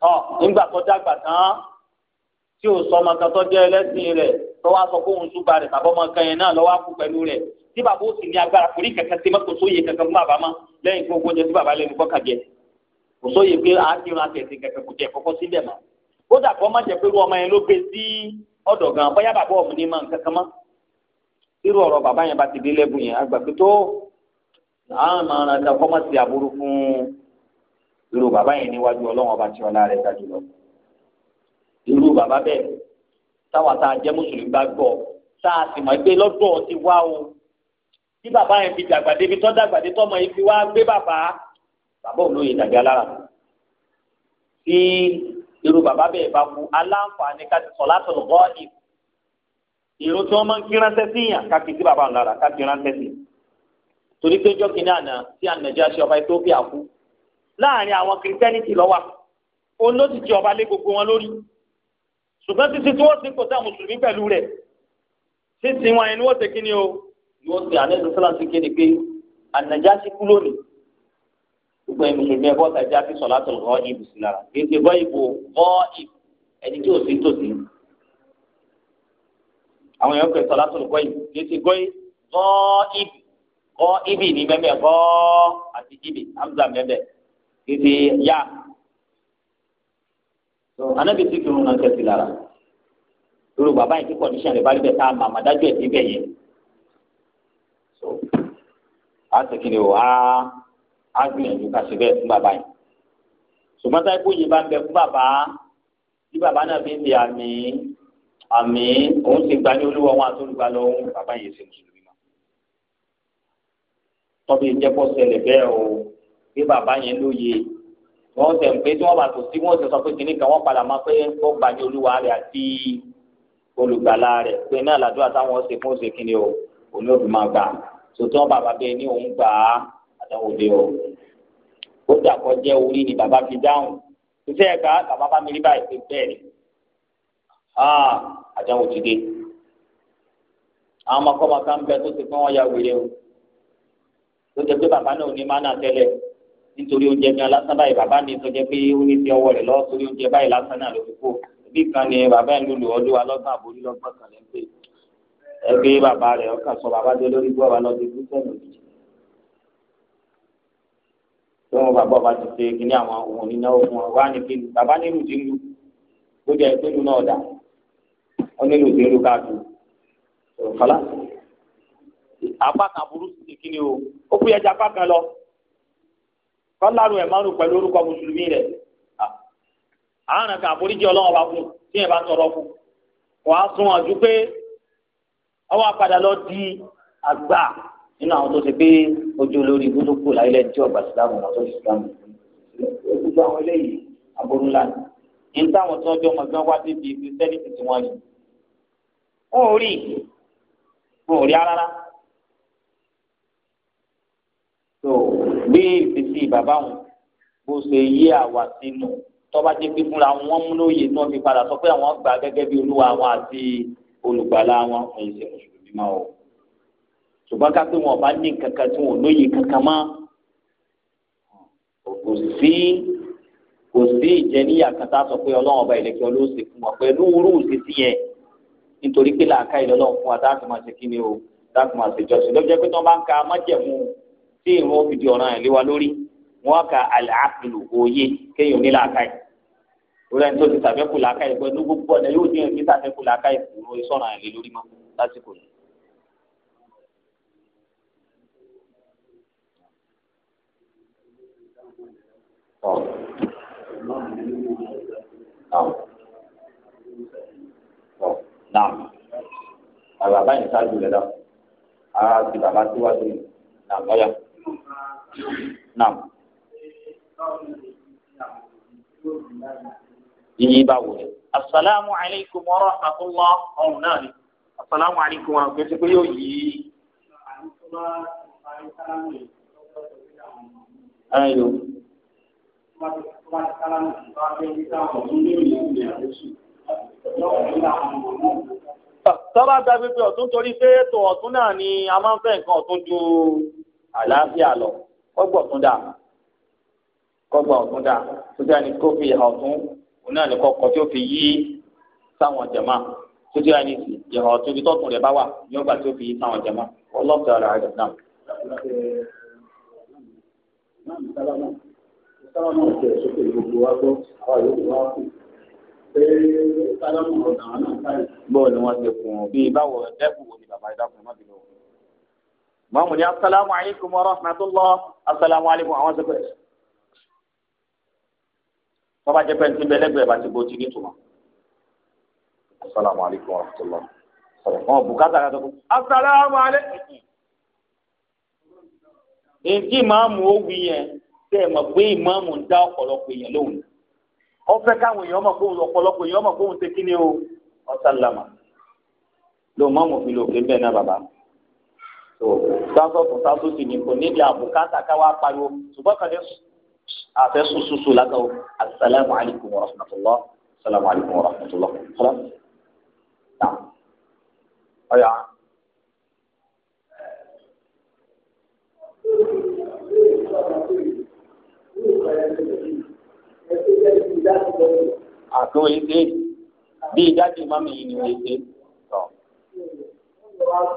tán nígbà tó dàgbà tán tí ò sọ ọmọ kan tó jẹ́ ẹlẹ́sìn rẹ̀ tó wá sọ fóun súgbà rẹ̀ tàbí ọmọ kan yẹn náà lọ́wọ́ á kú pẹ̀lú rẹ̀ tí bàbá ó sì ní agbára kò ní kankan sí mọ́ kò sóye kankan fún bàbá mọ́ lẹ́yìn gbogbo oúnjẹ tí bàbá lẹ́nu kọ́kàn jẹ kò sóye pé a ti ran àtẹ̀sìn kankan kò jẹ kọ́kọ́ síbẹ̀ mọ́ ó dà kọ́ má jẹ pé irú ọmọ yẹn ló gbé sí ọ̀dọ̀ gan bóyá bàbá ọ̀hún ní mọ́ nǹkan kan mọ́ irú ọ̀rọ̀ bàbá yẹn bá ti dé lẹ́bùn yẹn àgbà pé tó àwọn máa ran ẹ̀ka fọ́mọ́ ti àbúrú fún irú bàbá yẹn níwájú ọlọ́wọ́n tí bàbá yẹn fi dàgbà débi tó dàgbà dé tọmọ yìí fi wá gbé bàbá bàbá olóyè dàbí alára tí irú bàbá bẹ́ẹ̀ bá kú aláǹfààní ká ti sọ látọ̀ lọ́ọ́ ì ìró tí wọ́n máa ń kí ránṣẹ́ sí yàn ká kí sí bàbá ńlá rà ká kí ránṣẹ́ sí torí pé jọ́ kìíní àná tí Nàìjíríà ṣe ọba Ethiopia kú láàrin àwọn kìrìtẹ́nìtì lọ́wọ́ olóṣìṣẹ́ ọba lé gbogbo wọn lórí ṣùgbọ́n títí tí wọ́n ti kò sí àwọn pẹ̀lú rẹ̀ títí wọn ẹni wọ́n ti kí ni o ni ó ti àlẹ́ ìdúró sọ́láṣí kéde pé ànàjáṣí kú lónìí gbogbo ẹni mùsùlùmí ẹ bọ́ta ẹja fi sọ̀lá tó rọ ibù sí lára gbèsè bọ́ ìbò bọ́ ìbò ẹni tí ò sí tòsí àwọn èèyàn pè sọ̀lá tó rọ ìbù gbèsè gọ́ ìbù gọ́ ìbì ní mẹ́mẹ́ gọ́ àti ìbì hamza mẹ́mẹ́ gbèsè yá anabi tí kìrun náà kẹsì lára lórí bàbá yìí kíkọ̀ níṣẹ́ rẹ̀ bá rí bẹ́ẹ̀ tá a màmá dájú ẹ̀ síbẹ̀ yẹn á sì kí ni o á á gbìyànjú ká ṣe bẹ́ẹ̀ fún bàbá yìí ṣùgbọ́n táyé kóyè bá ń bẹ fún bàbá tí bàbá náà fi ń di àmì àmì òun ti gba ní olúwa wọn àtolùgbà lọ́wọ́ bàbá yìí ṣe mùsùlùmí mọ́ tọ́bi ìjẹ́pọ̀ ṣẹlẹ̀ bẹ́ẹ̀ o pé bàbá yẹn lóye wọ́n tẹ̀ ń pé tí wọ́n bá tó sí wọ́n ti sọ pé kìnnì kan wọ́n padà máa pé ó gba ní olúwa rẹ̀ àti olùgbàlà rẹ̀ pé náà làdúrà táwọn ṣe fún ṣe kìnnì o òní òbí máa gbà sòtọ́ bàbá bẹ́ẹ̀ ní òun gbà á àtàwọn òde o ó dàkọ́ jẹ́ orí ni bàbá fi dáhùn iṣẹ́ ẹ̀ka bàbá bá mi rí báyìí pé bẹ́ẹ̀ ni àtàwọn òtí dé àwọn ọmọkọ́mọ kan bẹ tó ti pé wọ́n ya wèrè o tó jẹ́ pé bàbá náà ò ní mánà tẹ́lẹ̀ nítorí oúnjẹ gan lásán báyìí bàbá ní tó jẹ́ pé ó ní ti ọwọ́ rẹ̀ lọ́wọ́ torí oúnjẹ báyìí lásán náà ló fi kó bí kan ni bàbá ń lùlù ọdún alọ́gbọ̀n àbórí lọ́gbọ̀n kan lẹ́gbẹ̀ẹ́ ẹgbẹ́ bàbá rẹ̀ ọkà sọ bàbá dé lórí bọ́ọ̀bà lọ sí kírísítẹ́nì òjijì tí wọn bàbá ọba ti ṣe kíní àwọn ohun nínáwó fún wọn wá ní kíni bàbá nílù ti lu ó jẹ ìpinnu náà dà ó nílù ti lu káàdù ọ̀kọ́lá apá kan burú sí kíni o ó fi ẹja apá kan lọ kọ́lárù ẹ̀ márùn pẹ̀lú orúkọ mùsùlùmí rẹ̀ àárẹ̀ kan àforíjì ọlọ́wọ́n bá fún tí yẹn bá tọrọ fún wàá sún wọn ju ọwọ́ apàdà lọ di àgbà nínú àwọn tó ti pé ojú olórí ibú tó kù láyé lẹ́yìn tí ọgbà sílámù wọn tó fi sílámù gbogbo àwọn eléyìí aburú ńlá ni ní táwọn tó ń bí ọmọ gbọ́n wá síbi kristianity tí wọ́n yìí wọn ò rí wọn ò rí rárá tó bí ìfèsì bàbá wọn bó ṣe yí àwa sínú tọ́ba jẹ́ pé fúnra wọn mú lóye tí wọ́n fi padà sọ pé àwọn gbà gẹ́gẹ́ bí olúwa wọn àti olùgbàlà wọn fún ìṣe mùsùlùmí máa o ṣùgbọ́n ká pé wọn bá ní kankan tí wọn ò lóye kankan mọ́ kò sí kò sí ìjẹniyà kan tá a sọ pé ọlọ́run ọba ìlẹ́kẹ́ olóòsè fún wọn pẹ̀lú irú òṣìṣì yẹn nítorí pé làákà ilẹ̀ ọlọ́run fún wa tá máa ṣe kí ni o tá máa ṣe jọ́sìn lọ́jọ́ pé tí wọ́n bá ń ka májẹ̀mú tí ìrún òfìdí ọ̀ràn ẹ̀ léwa lórí wọ́n ka àlàáfíìlù òye kéèyàn ní làákà yìí orí ẹni tó ti sàfẹ́kù làákà yìí pẹ̀lú gbogbo ọ̀nà yóò dín ẹ̀mí sàfẹ́kù làákà yìí kúrò ìsọ̀rọ̀ àìlè lórí mọ́ lásìkò yìí. naam bàbá yìí ṣáájú rẹ̀ dáa ara ti bàbá tí wàá tóyìn naam lọ́yà naam. Thank you ìyìn bá wò ni. asalaamu alaykum wa rahmatulah ọ̀hún náà ni asalaamu alaykum wa rahmatulah pé yóò yí. ayo. tọ́ba gba pípé ọ̀tún torí pé ètò ọ̀tún náà ni a máa ń fẹ́ nǹkan ọ̀tún ju àlàáfíà lọ kọ́gbọ̀ dà kọ́gbọ̀ dà tó dáa ní kófì ọ̀tún òun náà ní kọ́kọ́ tí ó fi yí sáwọn jama tó ti àyè sí ìhàn tóbi tọ́tún rẹ̀ bá wà ní ọgbà tí ó fi yí sáwọn jama ọlọ́ọ̀tà ara rẹ̀ náà. sálámù ọ̀sẹ̀ sókè ti kùn bíi báwo dẹ́kun wo ni bàbá yìí dákun má bínú. mọ́mú ni asalaamualeykum wa rahmatulah asalaamualeykum àwọn sọ pé tọ́ba jẹ́ pé ntí bẹ́lẹ́gbẹ̀ẹ́ bá ti bó ti ní tuma. asalaamu alaykum wa rahmatulah. ọ̀ bùkátà kàtó kù. asalaamu alaykum. èdè ìmáàmù ó wí yẹn tẹ́ ẹ̀ mọ̀ pé ìmáàmù ń dá ọ̀pọ̀lọpọ̀ èèyàn lóhùn. ó fẹ́ káwọn èèyàn mọ̀ pé òun ọ̀pọ̀lọpọ̀ èèyàn mọ̀ pé òun ti kí ni o. ọ̀sálàmà ló mọ̀mù fi lòkè bẹ́ẹ̀ náà bàbá. tó sáńsọ̀ tó sáńsọ̀ sì ní kò ní àfẹ́ sùsùsù látọ̀ asalaamu alaykum wa rahmatulah asalaamu alaykum wa rahmatulah kọ́lá. ọ̀yà. àtúwò yìí ṣe bí ìdájọ́ ni wọ́n ṣe. Thank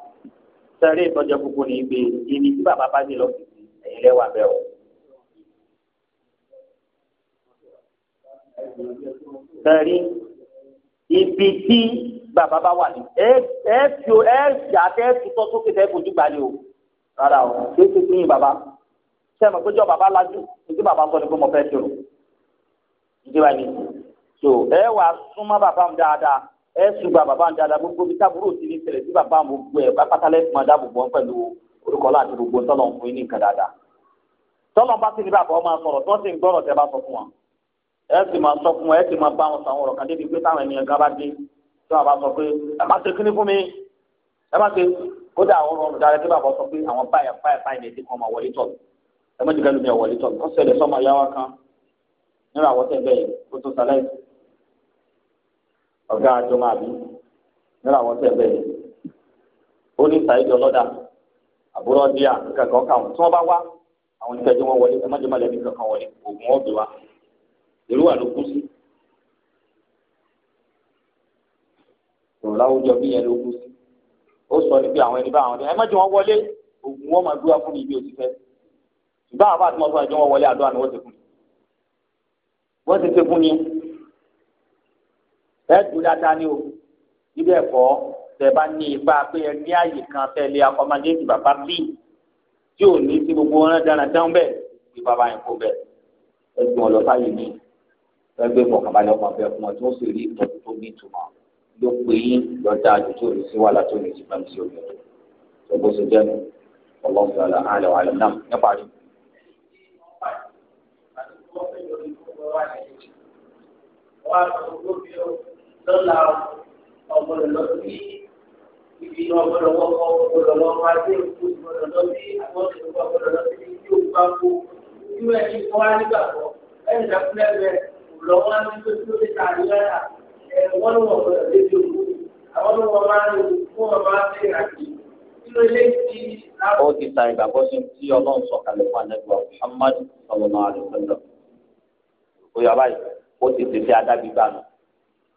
sẹ́rí ìtọ́jọ́ gbogbo ní ibi ibi tí bàbá bá dé lọ́sibí ẹ̀yìn lẹ́wà bẹ́ẹ̀ o. sẹ́rí ibi tí bàbá bá wà ní ẹ ẹ fi ẹ yà tẹ́ tutọ́ sókè tẹ́ fojú gbalẹ̀ o rárá o ṣé ṣe fi yin bàbá sẹ́mi péjọ bàbá lajú ìdí bàbá sọ ni pé mo fẹ́ ṣe o ìdí wa ni so ẹ wà súnmọ́ bàbá mi dáadáa ẹ ṣùgbọ́n bàbá ń dáadáa gbogbo bí tábúrò ti ní ṣẹlẹ̀ tí bàbá àwọn gbogbo ẹ̀ pátá lẹ́sìn máa dáàbò bọ́ pẹ̀lú orúkọ láti gbogbo tọ́lọ̀ ń fún yín ní nǹkan dáadáa tọ́lọ̀ bá sì ní bàbá ọmọ sọ̀rọ̀ tí wọ́n sì ń gbọ́rọ̀ tẹ́ bá sọ fún wọn ẹ sì máa sọ fún wọn ẹ sì máa bá wọn sàwọn ọ̀rọ̀ kan débi pé táwọn ènìyàn kan bá dé tí wọn bá sọ pé ẹ má ṣe kíní fún mi ẹ má ṣe kódà àwọn olùdarí tí bàbá sọ pé àwọn báyà báyà báyà lè dín máa wọlé tọ̀ ẹ má jìgá lómi ọ̀gá àjọmọ àbí nínú àwọn tẹ̀ bẹ́ẹ̀ ó ní sàyíjọ lọ́dà àbúrò díà kankan káwọn tí wọ́n bá wá àwọn oníkẹ́jọ́ wọn wọlé ẹ̀mọ́jọ́ mọ̀lẹ́bí kankan wọlé oògùn wọn bì wá ìlú wà ló kú sí òun láwùjọ bí yẹn ló kú sí ó sọ ní pé àwọn ẹni bá àwọn ẹ̀mọ́jọ́ wọn wọlé oògùn wọn máa dúró fún mi bí o ti fẹ́ ṣùgbọ́n àwọn àti wọn fún wọn wọlé àdó àná wọ́n ti fún mi wọ́n ti ṣe fún mi ẹ dù dáadáa ni o níbẹ̀ kọ́ tẹ̀ bá ní ipa pé ẹ ní àyè kan tẹ̀lé akọ́mọdéjì bàbá bí tí ò ní sí gbogbo wọn dára dáhùn bẹ́ẹ̀ bí bàbá yẹn kó bẹ́ẹ̀ ẹ gbọ́n lọ sáyé mi ẹ gbé fọkànbalẹ̀ ọmọ bẹ́ẹ̀ fún ọ tí wọ́n sì rí ìtọ́jú tó ní ìtumọ̀ ló pé yín lọ́dá àjò tó ní sí wàhálà tó ní sí bá mi sí omi ọ̀dọ́ ṣùgbọ́n ṣe jẹ́nu ọlọ́ọ̀sán wàhálà náà nípa rí. Thank you lọ́la ọ̀gbọ́dọ̀ lọ ibi ọ̀gbọ́dọ̀ wọ́pọ̀ ọ̀gbọ́dọ̀ lọ máa dé òkú ọ̀gbọ́dọ̀ lọ sí àgbọ̀dọ̀ ọ̀gbọ́dọ̀ lọ sí ibi tí bá kú irú ẹni kọ́ wá nígbàgbọ́ ẹni dàkúlẹ̀ bẹ lọ́wọ́ ní tó tó lè ta àríyára ẹ̀ wọ́n lọ́wọ́ ọ̀gbọ́dọ̀ lébi òkú àwọn lọ́wọ́ máa ń fún ọba ṣe àti nínú ilé ó ti ta ìgbàgbọ́ sí tí ọlọ́run sọ̀kalẹ̀ fún anẹ́gbà Muhammad sọlọ́nà àdìsọ́lọ́ ó yọ báyìí ó ti tètè adágbígbà náà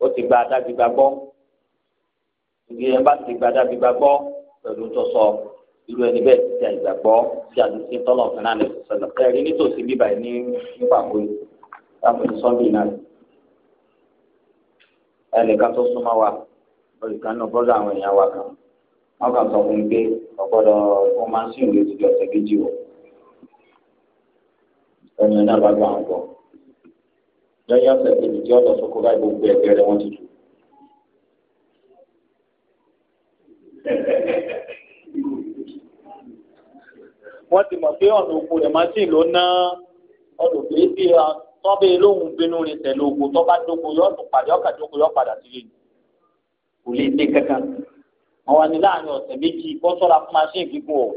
ó ti gba adágbègbà gbọ́ ìgbé ẹ̀ bá ti gba adágbègbà gbọ́ pẹ̀lú tó sọ irú ẹni bẹ́ẹ̀ ti ta ìgbàgbọ́ tí a lè ṣe tọ́lọ̀ fún náà lẹ́sìn sọ̀lọ̀ kẹrin nítòsí bíbá ẹ̀ ní nípàgbé láwọn ní sọ́ndì náà ẹnìkan tó súnmọ́ wa olùkan náà bọ́dọ̀ àwọn èèyàn wa kan wọ́n kàn sọ fún mi pé ọ̀gbọ́dọ̀ wọ́n máa ń sìn lójú ọ̀sẹ̀ méjì wọ̀ ẹni náà bá gbọ́ àwọn gbọ́ lẹ́yìn ọ̀sẹ̀ kejì tí ọ̀dọ̀ sọ́kò báyìí gbogbo ẹgbẹ́ rẹ wọ́n ti dù. wọ́n ti mọ̀ pé ọ̀nà òkú rẹ̀ máa ń sìn ló ná ọ̀nà òkú rẹ̀ bí tọ́bẹ̀ lóhùn bínú rẹ̀ tẹ̀lé ogun tó bá dókun yóò tún padà ọkà dókun yóò padà sílé kò lè dé kankan. àwọn ni láàrin ọ̀sẹ̀ méjì kọ́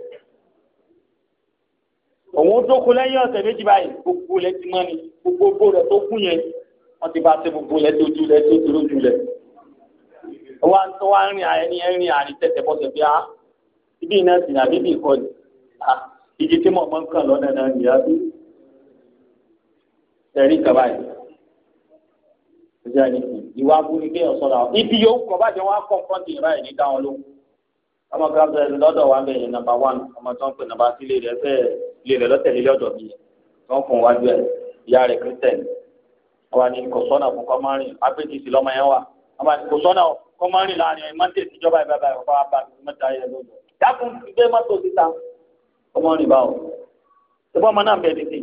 òun tó kú lẹ́yìn ọ̀sẹ̀ méjì báyìí gbogbo lẹ ti mọ́ ni gbogbo rẹ̀ tó kú yẹn wọ́n ti bá ṣe gbogbo lẹ tó ju lẹ tó dúró ju lẹ. wá ń tó wá rìn àyẹn rìn àrìn tẹ̀tẹ̀ bọ́sẹ̀ bí a ah, ibi iná sì àbí ibi ìkọ ni ah, ìdí tí mo mọ̀ ń kàn lọ́nà náà nìyá bí ẹ̀rí kaba yìí ọjà ní kù ìwà abúlé kéèyàn sọ̀rọ̀ àwọn ibi yòówù kọ́ bàjẹ́ wọn á kọ́ nǹkan tì báyìí ní dáwọn lóhùn wa bẹ̀rẹ̀ nàmbà wán ọmọ tó ń pè nàmbà sílé ilé rẹ̀ lọ́tẹ̀lé lọ́dọ̀ mi wọ́n fún wájú ẹ̀ ìyá rẹ̀ kírísítẹ̀nì wọ́n wá ní kò sọ́nà fún kọ́márìn apẹ́tìsì lọ́mọ yẹn wà wọ́n wá ní kò sọ́nà kọ́márìn láàrin ẹ̀ mọ́tò ìjọba ìbábà ẹ̀ wọ́n bá mi mẹ́ta yẹn lọ́dọ̀ dákun gbé mọ́tò síta kọ́márìn báwo ṣùgbọ́n ọmọ náà bẹ̀rẹ̀ sí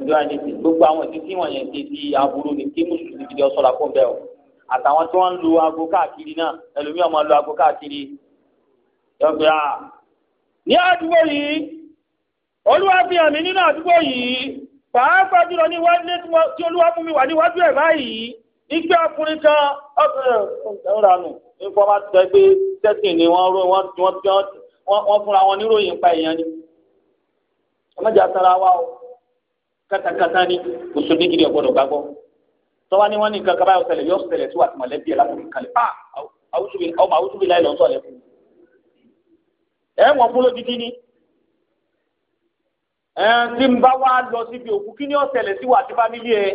ìjọba ẹni tí gbogbo àwọn ìdíjí wọ̀nyẹn ti di aburú ni kí mùsùlùmí ti di ọ̀ṣọ́ra fún bẹ́ẹ̀ o àtàwọn tí wọ́n ń lu aago káàkiri náà ẹlòmíràn máa lu aago káàkiri lọ́gbẹ́ à ní àdúgbò yìí olúwa fi hàn mí nínú àdúgbò yìí pàápàá jùlọ ní wájú tí olúwa fún mi wà níwájú ẹ̀ báyìí ìgbé ọkùnrin kan ọkùnrin ọ̀ranù nǹkan bá tẹ pé tẹ́sìn ni wọ́n wọ́n wọ́n fúnra wọn níròyìn pa èèyàn ni ọmọdé sara wa o kátàkátà ni oṣù nígiri ọgbọ́dọ̀ gbàgbọ́ tọ́wá ni wọ́n ní nǹkan kábàáyọ̀ ṣẹlẹ̀ yọ̀ ṣẹlẹ̀ tí wà á ti mọ̀lẹ́bí ẹ̀ látòkè kalẹ̀ pa àwùjọ ọmọ àwùjọ bí láì lọ́sọ̀ọ́ lẹ́kùn ẹ̀wọ̀n fún lódìdí ni tí n bá wá lọ síbi òkú kí ni ó sí wa àti fámílì ẹ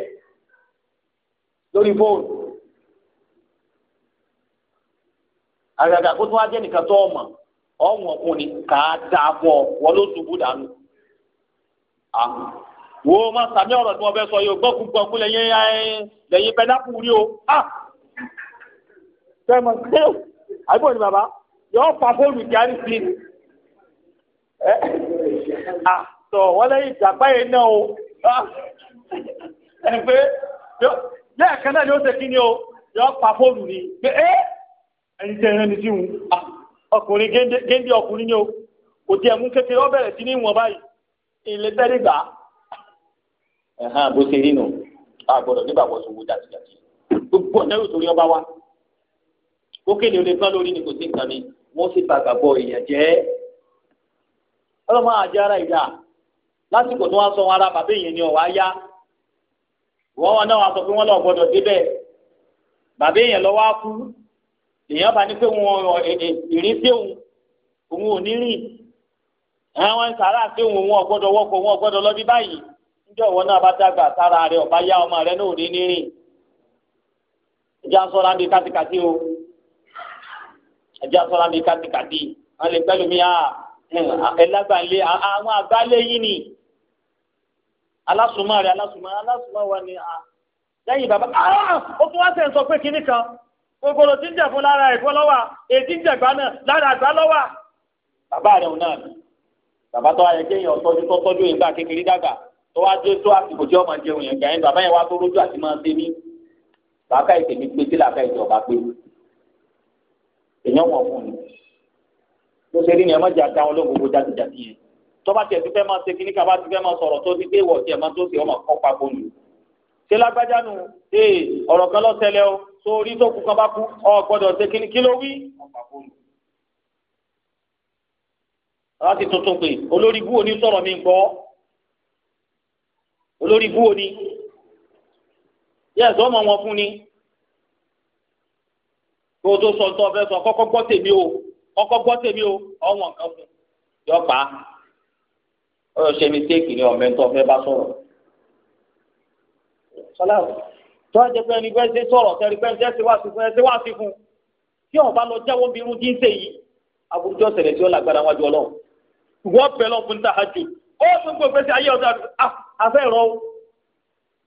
lórí fóònù àgàgà kó tó wá jẹ́ nìkan tó ọmọ ọ̀wọ̀n kún ni kà á dà fún ọ wọ́n ló ṣubú dànù wo má sàmì ọ̀rọ̀ tí wọ́n fẹ́ sọ yìí o gbọ́kú gbọ́kú lẹ́yìn lẹ́yìn pẹ́dápù rí o fẹ́ mọ̀ sí àbúrò ni bàbá yọ ọ́ pa fóònù kí á rí sí àtọ̀ eh? ah, wọ́n lẹ́yìn ìjàpá yẹn náà o ah. ẹ̀ pé lẹ́ẹ̀kan náà ni ó ṣe kí ni o yọ pa fóònù ni pé eh? ẹ́ ah, ọkùnrin géńdé ọkùnrin ni o kò tiẹ̀ mú kékeré ó bẹ̀rẹ̀ sí ní báyìí ilé tẹ́lẹ̀ gbà. ẹ̀hán bó ṣe rí nù a gbọ́dọ̀ nígbàgbọ́ sọ owó gbogbo ọ̀nà yóò torí ọba wa ó kéde olè gbọ́n lórí ni kò sí nǹkan mi wọ́n sì bọ ọlọ́mọ àjẹ ara ìjà lásìkò tí wọ́n sọ wọn ara bàbá èèyàn ni ọ̀wá ya wọ́n wọn náà wọ́n sọ pé wọ́n lọ́ọ́ gbọ́dọ̀ débẹ̀ bàbá èèyàn lọ́wọ́ á kú èèyàn bá ní pé wọn ìrísí òun òun ò ní rìn wọn sàrà sí òun òun ọ̀gbọ́dọ̀ wọ́pọ̀ òun ọ̀gbọ́dọ̀ lọ báyìí náà bá dàgbà sára rẹ yá ọmọ rẹ náà ò ní ní rìn ẹjẹ bíi o ẹjẹ bíi ẹlágbàlẹ àwọn àgbálẹ yìí ni alásùnmọ́ rẹ alásùnmọ́ alásùnmọ́ wa ni lẹ́yìn bàbá ó tún wá sẹ́yìn sọ pé kinní kan kòkòrò tí ń jẹ fún lára ẹ̀fọ́ lọ́wà èdè ń jẹ̀gbá náà lára àgbá lọ́wà. bàbá rẹ̀ òun náà ni bàbá tó ayẹ kéèyàn tọ́jú tó tọ́jú ìgbà kékeré dàgbà tó wá dé tó àsìkò tí ọmọ jẹun yẹn gbà yẹn bàbá yẹn wá tó rójú àti máa ṣe mí. bàbá ìtẹ̀mí pé tí làbá ìjọba pé èèyàn wọ̀ fún mi bó ṣe rí ni ẹ má jẹ àdáwọn ló gbogbo jáde-jáde yẹn tọ́ba tiẹ̀ ti fẹ́ máa ṣe kíní kaba ti fẹ́ máa sọ̀rọ̀ tó ti dé ìwọ̀ tiẹ̀ máa tó ṣe ọmọ kọ́ pa bọ́ọ̀lù ṣé lágbájá nu ee ọ̀rọ̀ kan lọ ṣẹlẹ̀ o sórí tó kú kan bá kú ọ gbọ́dọ̀ ṣe kíní kí ló wí láti tuntun pé olórí bú òní sọ̀rọ̀ mi gbọ́ olórí bú òní yẹ́sọ̀ ọmọ wọn fún ni kó o tó sọ tó o fẹ́ sọ kọ́kọ́ gbọ́ tèmi o kọ́kọ́ gbọ́ tèmi o ọ̀wọ́n kan fún yọ pa ọyọ ṣe mistake ni ọmọ ẹ̀ńtọ́ fẹ́ bá sọ̀rọ̀ sọláwọ tó a jẹ pé ẹni bẹ́ẹ̀ ṣe sọ̀rọ̀ tẹ̀rí bẹ́ẹ̀ ṣe wá sí fún ẹ ṣe wá sí fún tí ọba lọ jẹ́wọ́ bí irú jíǹsẹ̀ yìí aburujọ́ ṣẹlẹ̀ tí ó lágbára wájú ọlọ́run wọ́n bẹ̀ lọ fún tàájú ó tún gbọ́ fẹ́ sí ayé ọ̀dà afẹ́ ìrọ̀ o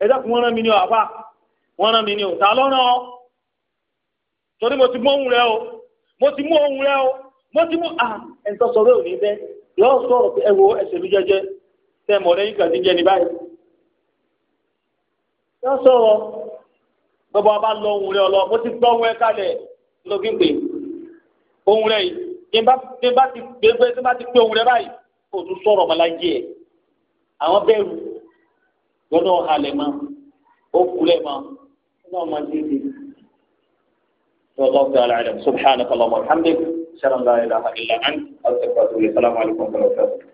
ẹ dákun wọ́n rán mi ní o àfa wọ́n rán mi ní o ta lọ́rán o torí mo ti gbóhùn rẹ o mo ti mú ohun rẹ o mo ti mú à ẹ̀ ń tọ́ sọ bẹ́ẹ̀ ò ní bẹ́ẹ̀ yọ sọ̀rọ̀ pé ẹ wo ẹsẹ̀ mi jẹjẹ tẹ mọ̀ lẹ́yìn kàdí jẹ ní báyìí. yọ sọ̀rọ̀ bàbá bá lọ ohun rẹ ọlọ mo ti gbọ́ ohun ẹ kalẹ̀ lókè pé ohun rẹ yìí tí n bá ti gbégbé tí n bá ti pé ohun rẹ báyìí kò tún sọ̀rọ̀ ọmọ láyé ẹ̀ àwọn bẹ́ẹ̀rù gbọ́dọ̀ halẹ̀ mọ́ ó kulẹ̀ mọ́ ẹ̀ náà máa ń والله تعالى أعلم سبحانك اللهم وبحمدك أشهد أن لا إله إلا أنت أستغفرك واتوب اليك السلام عليكم ورحمة الله وبركاته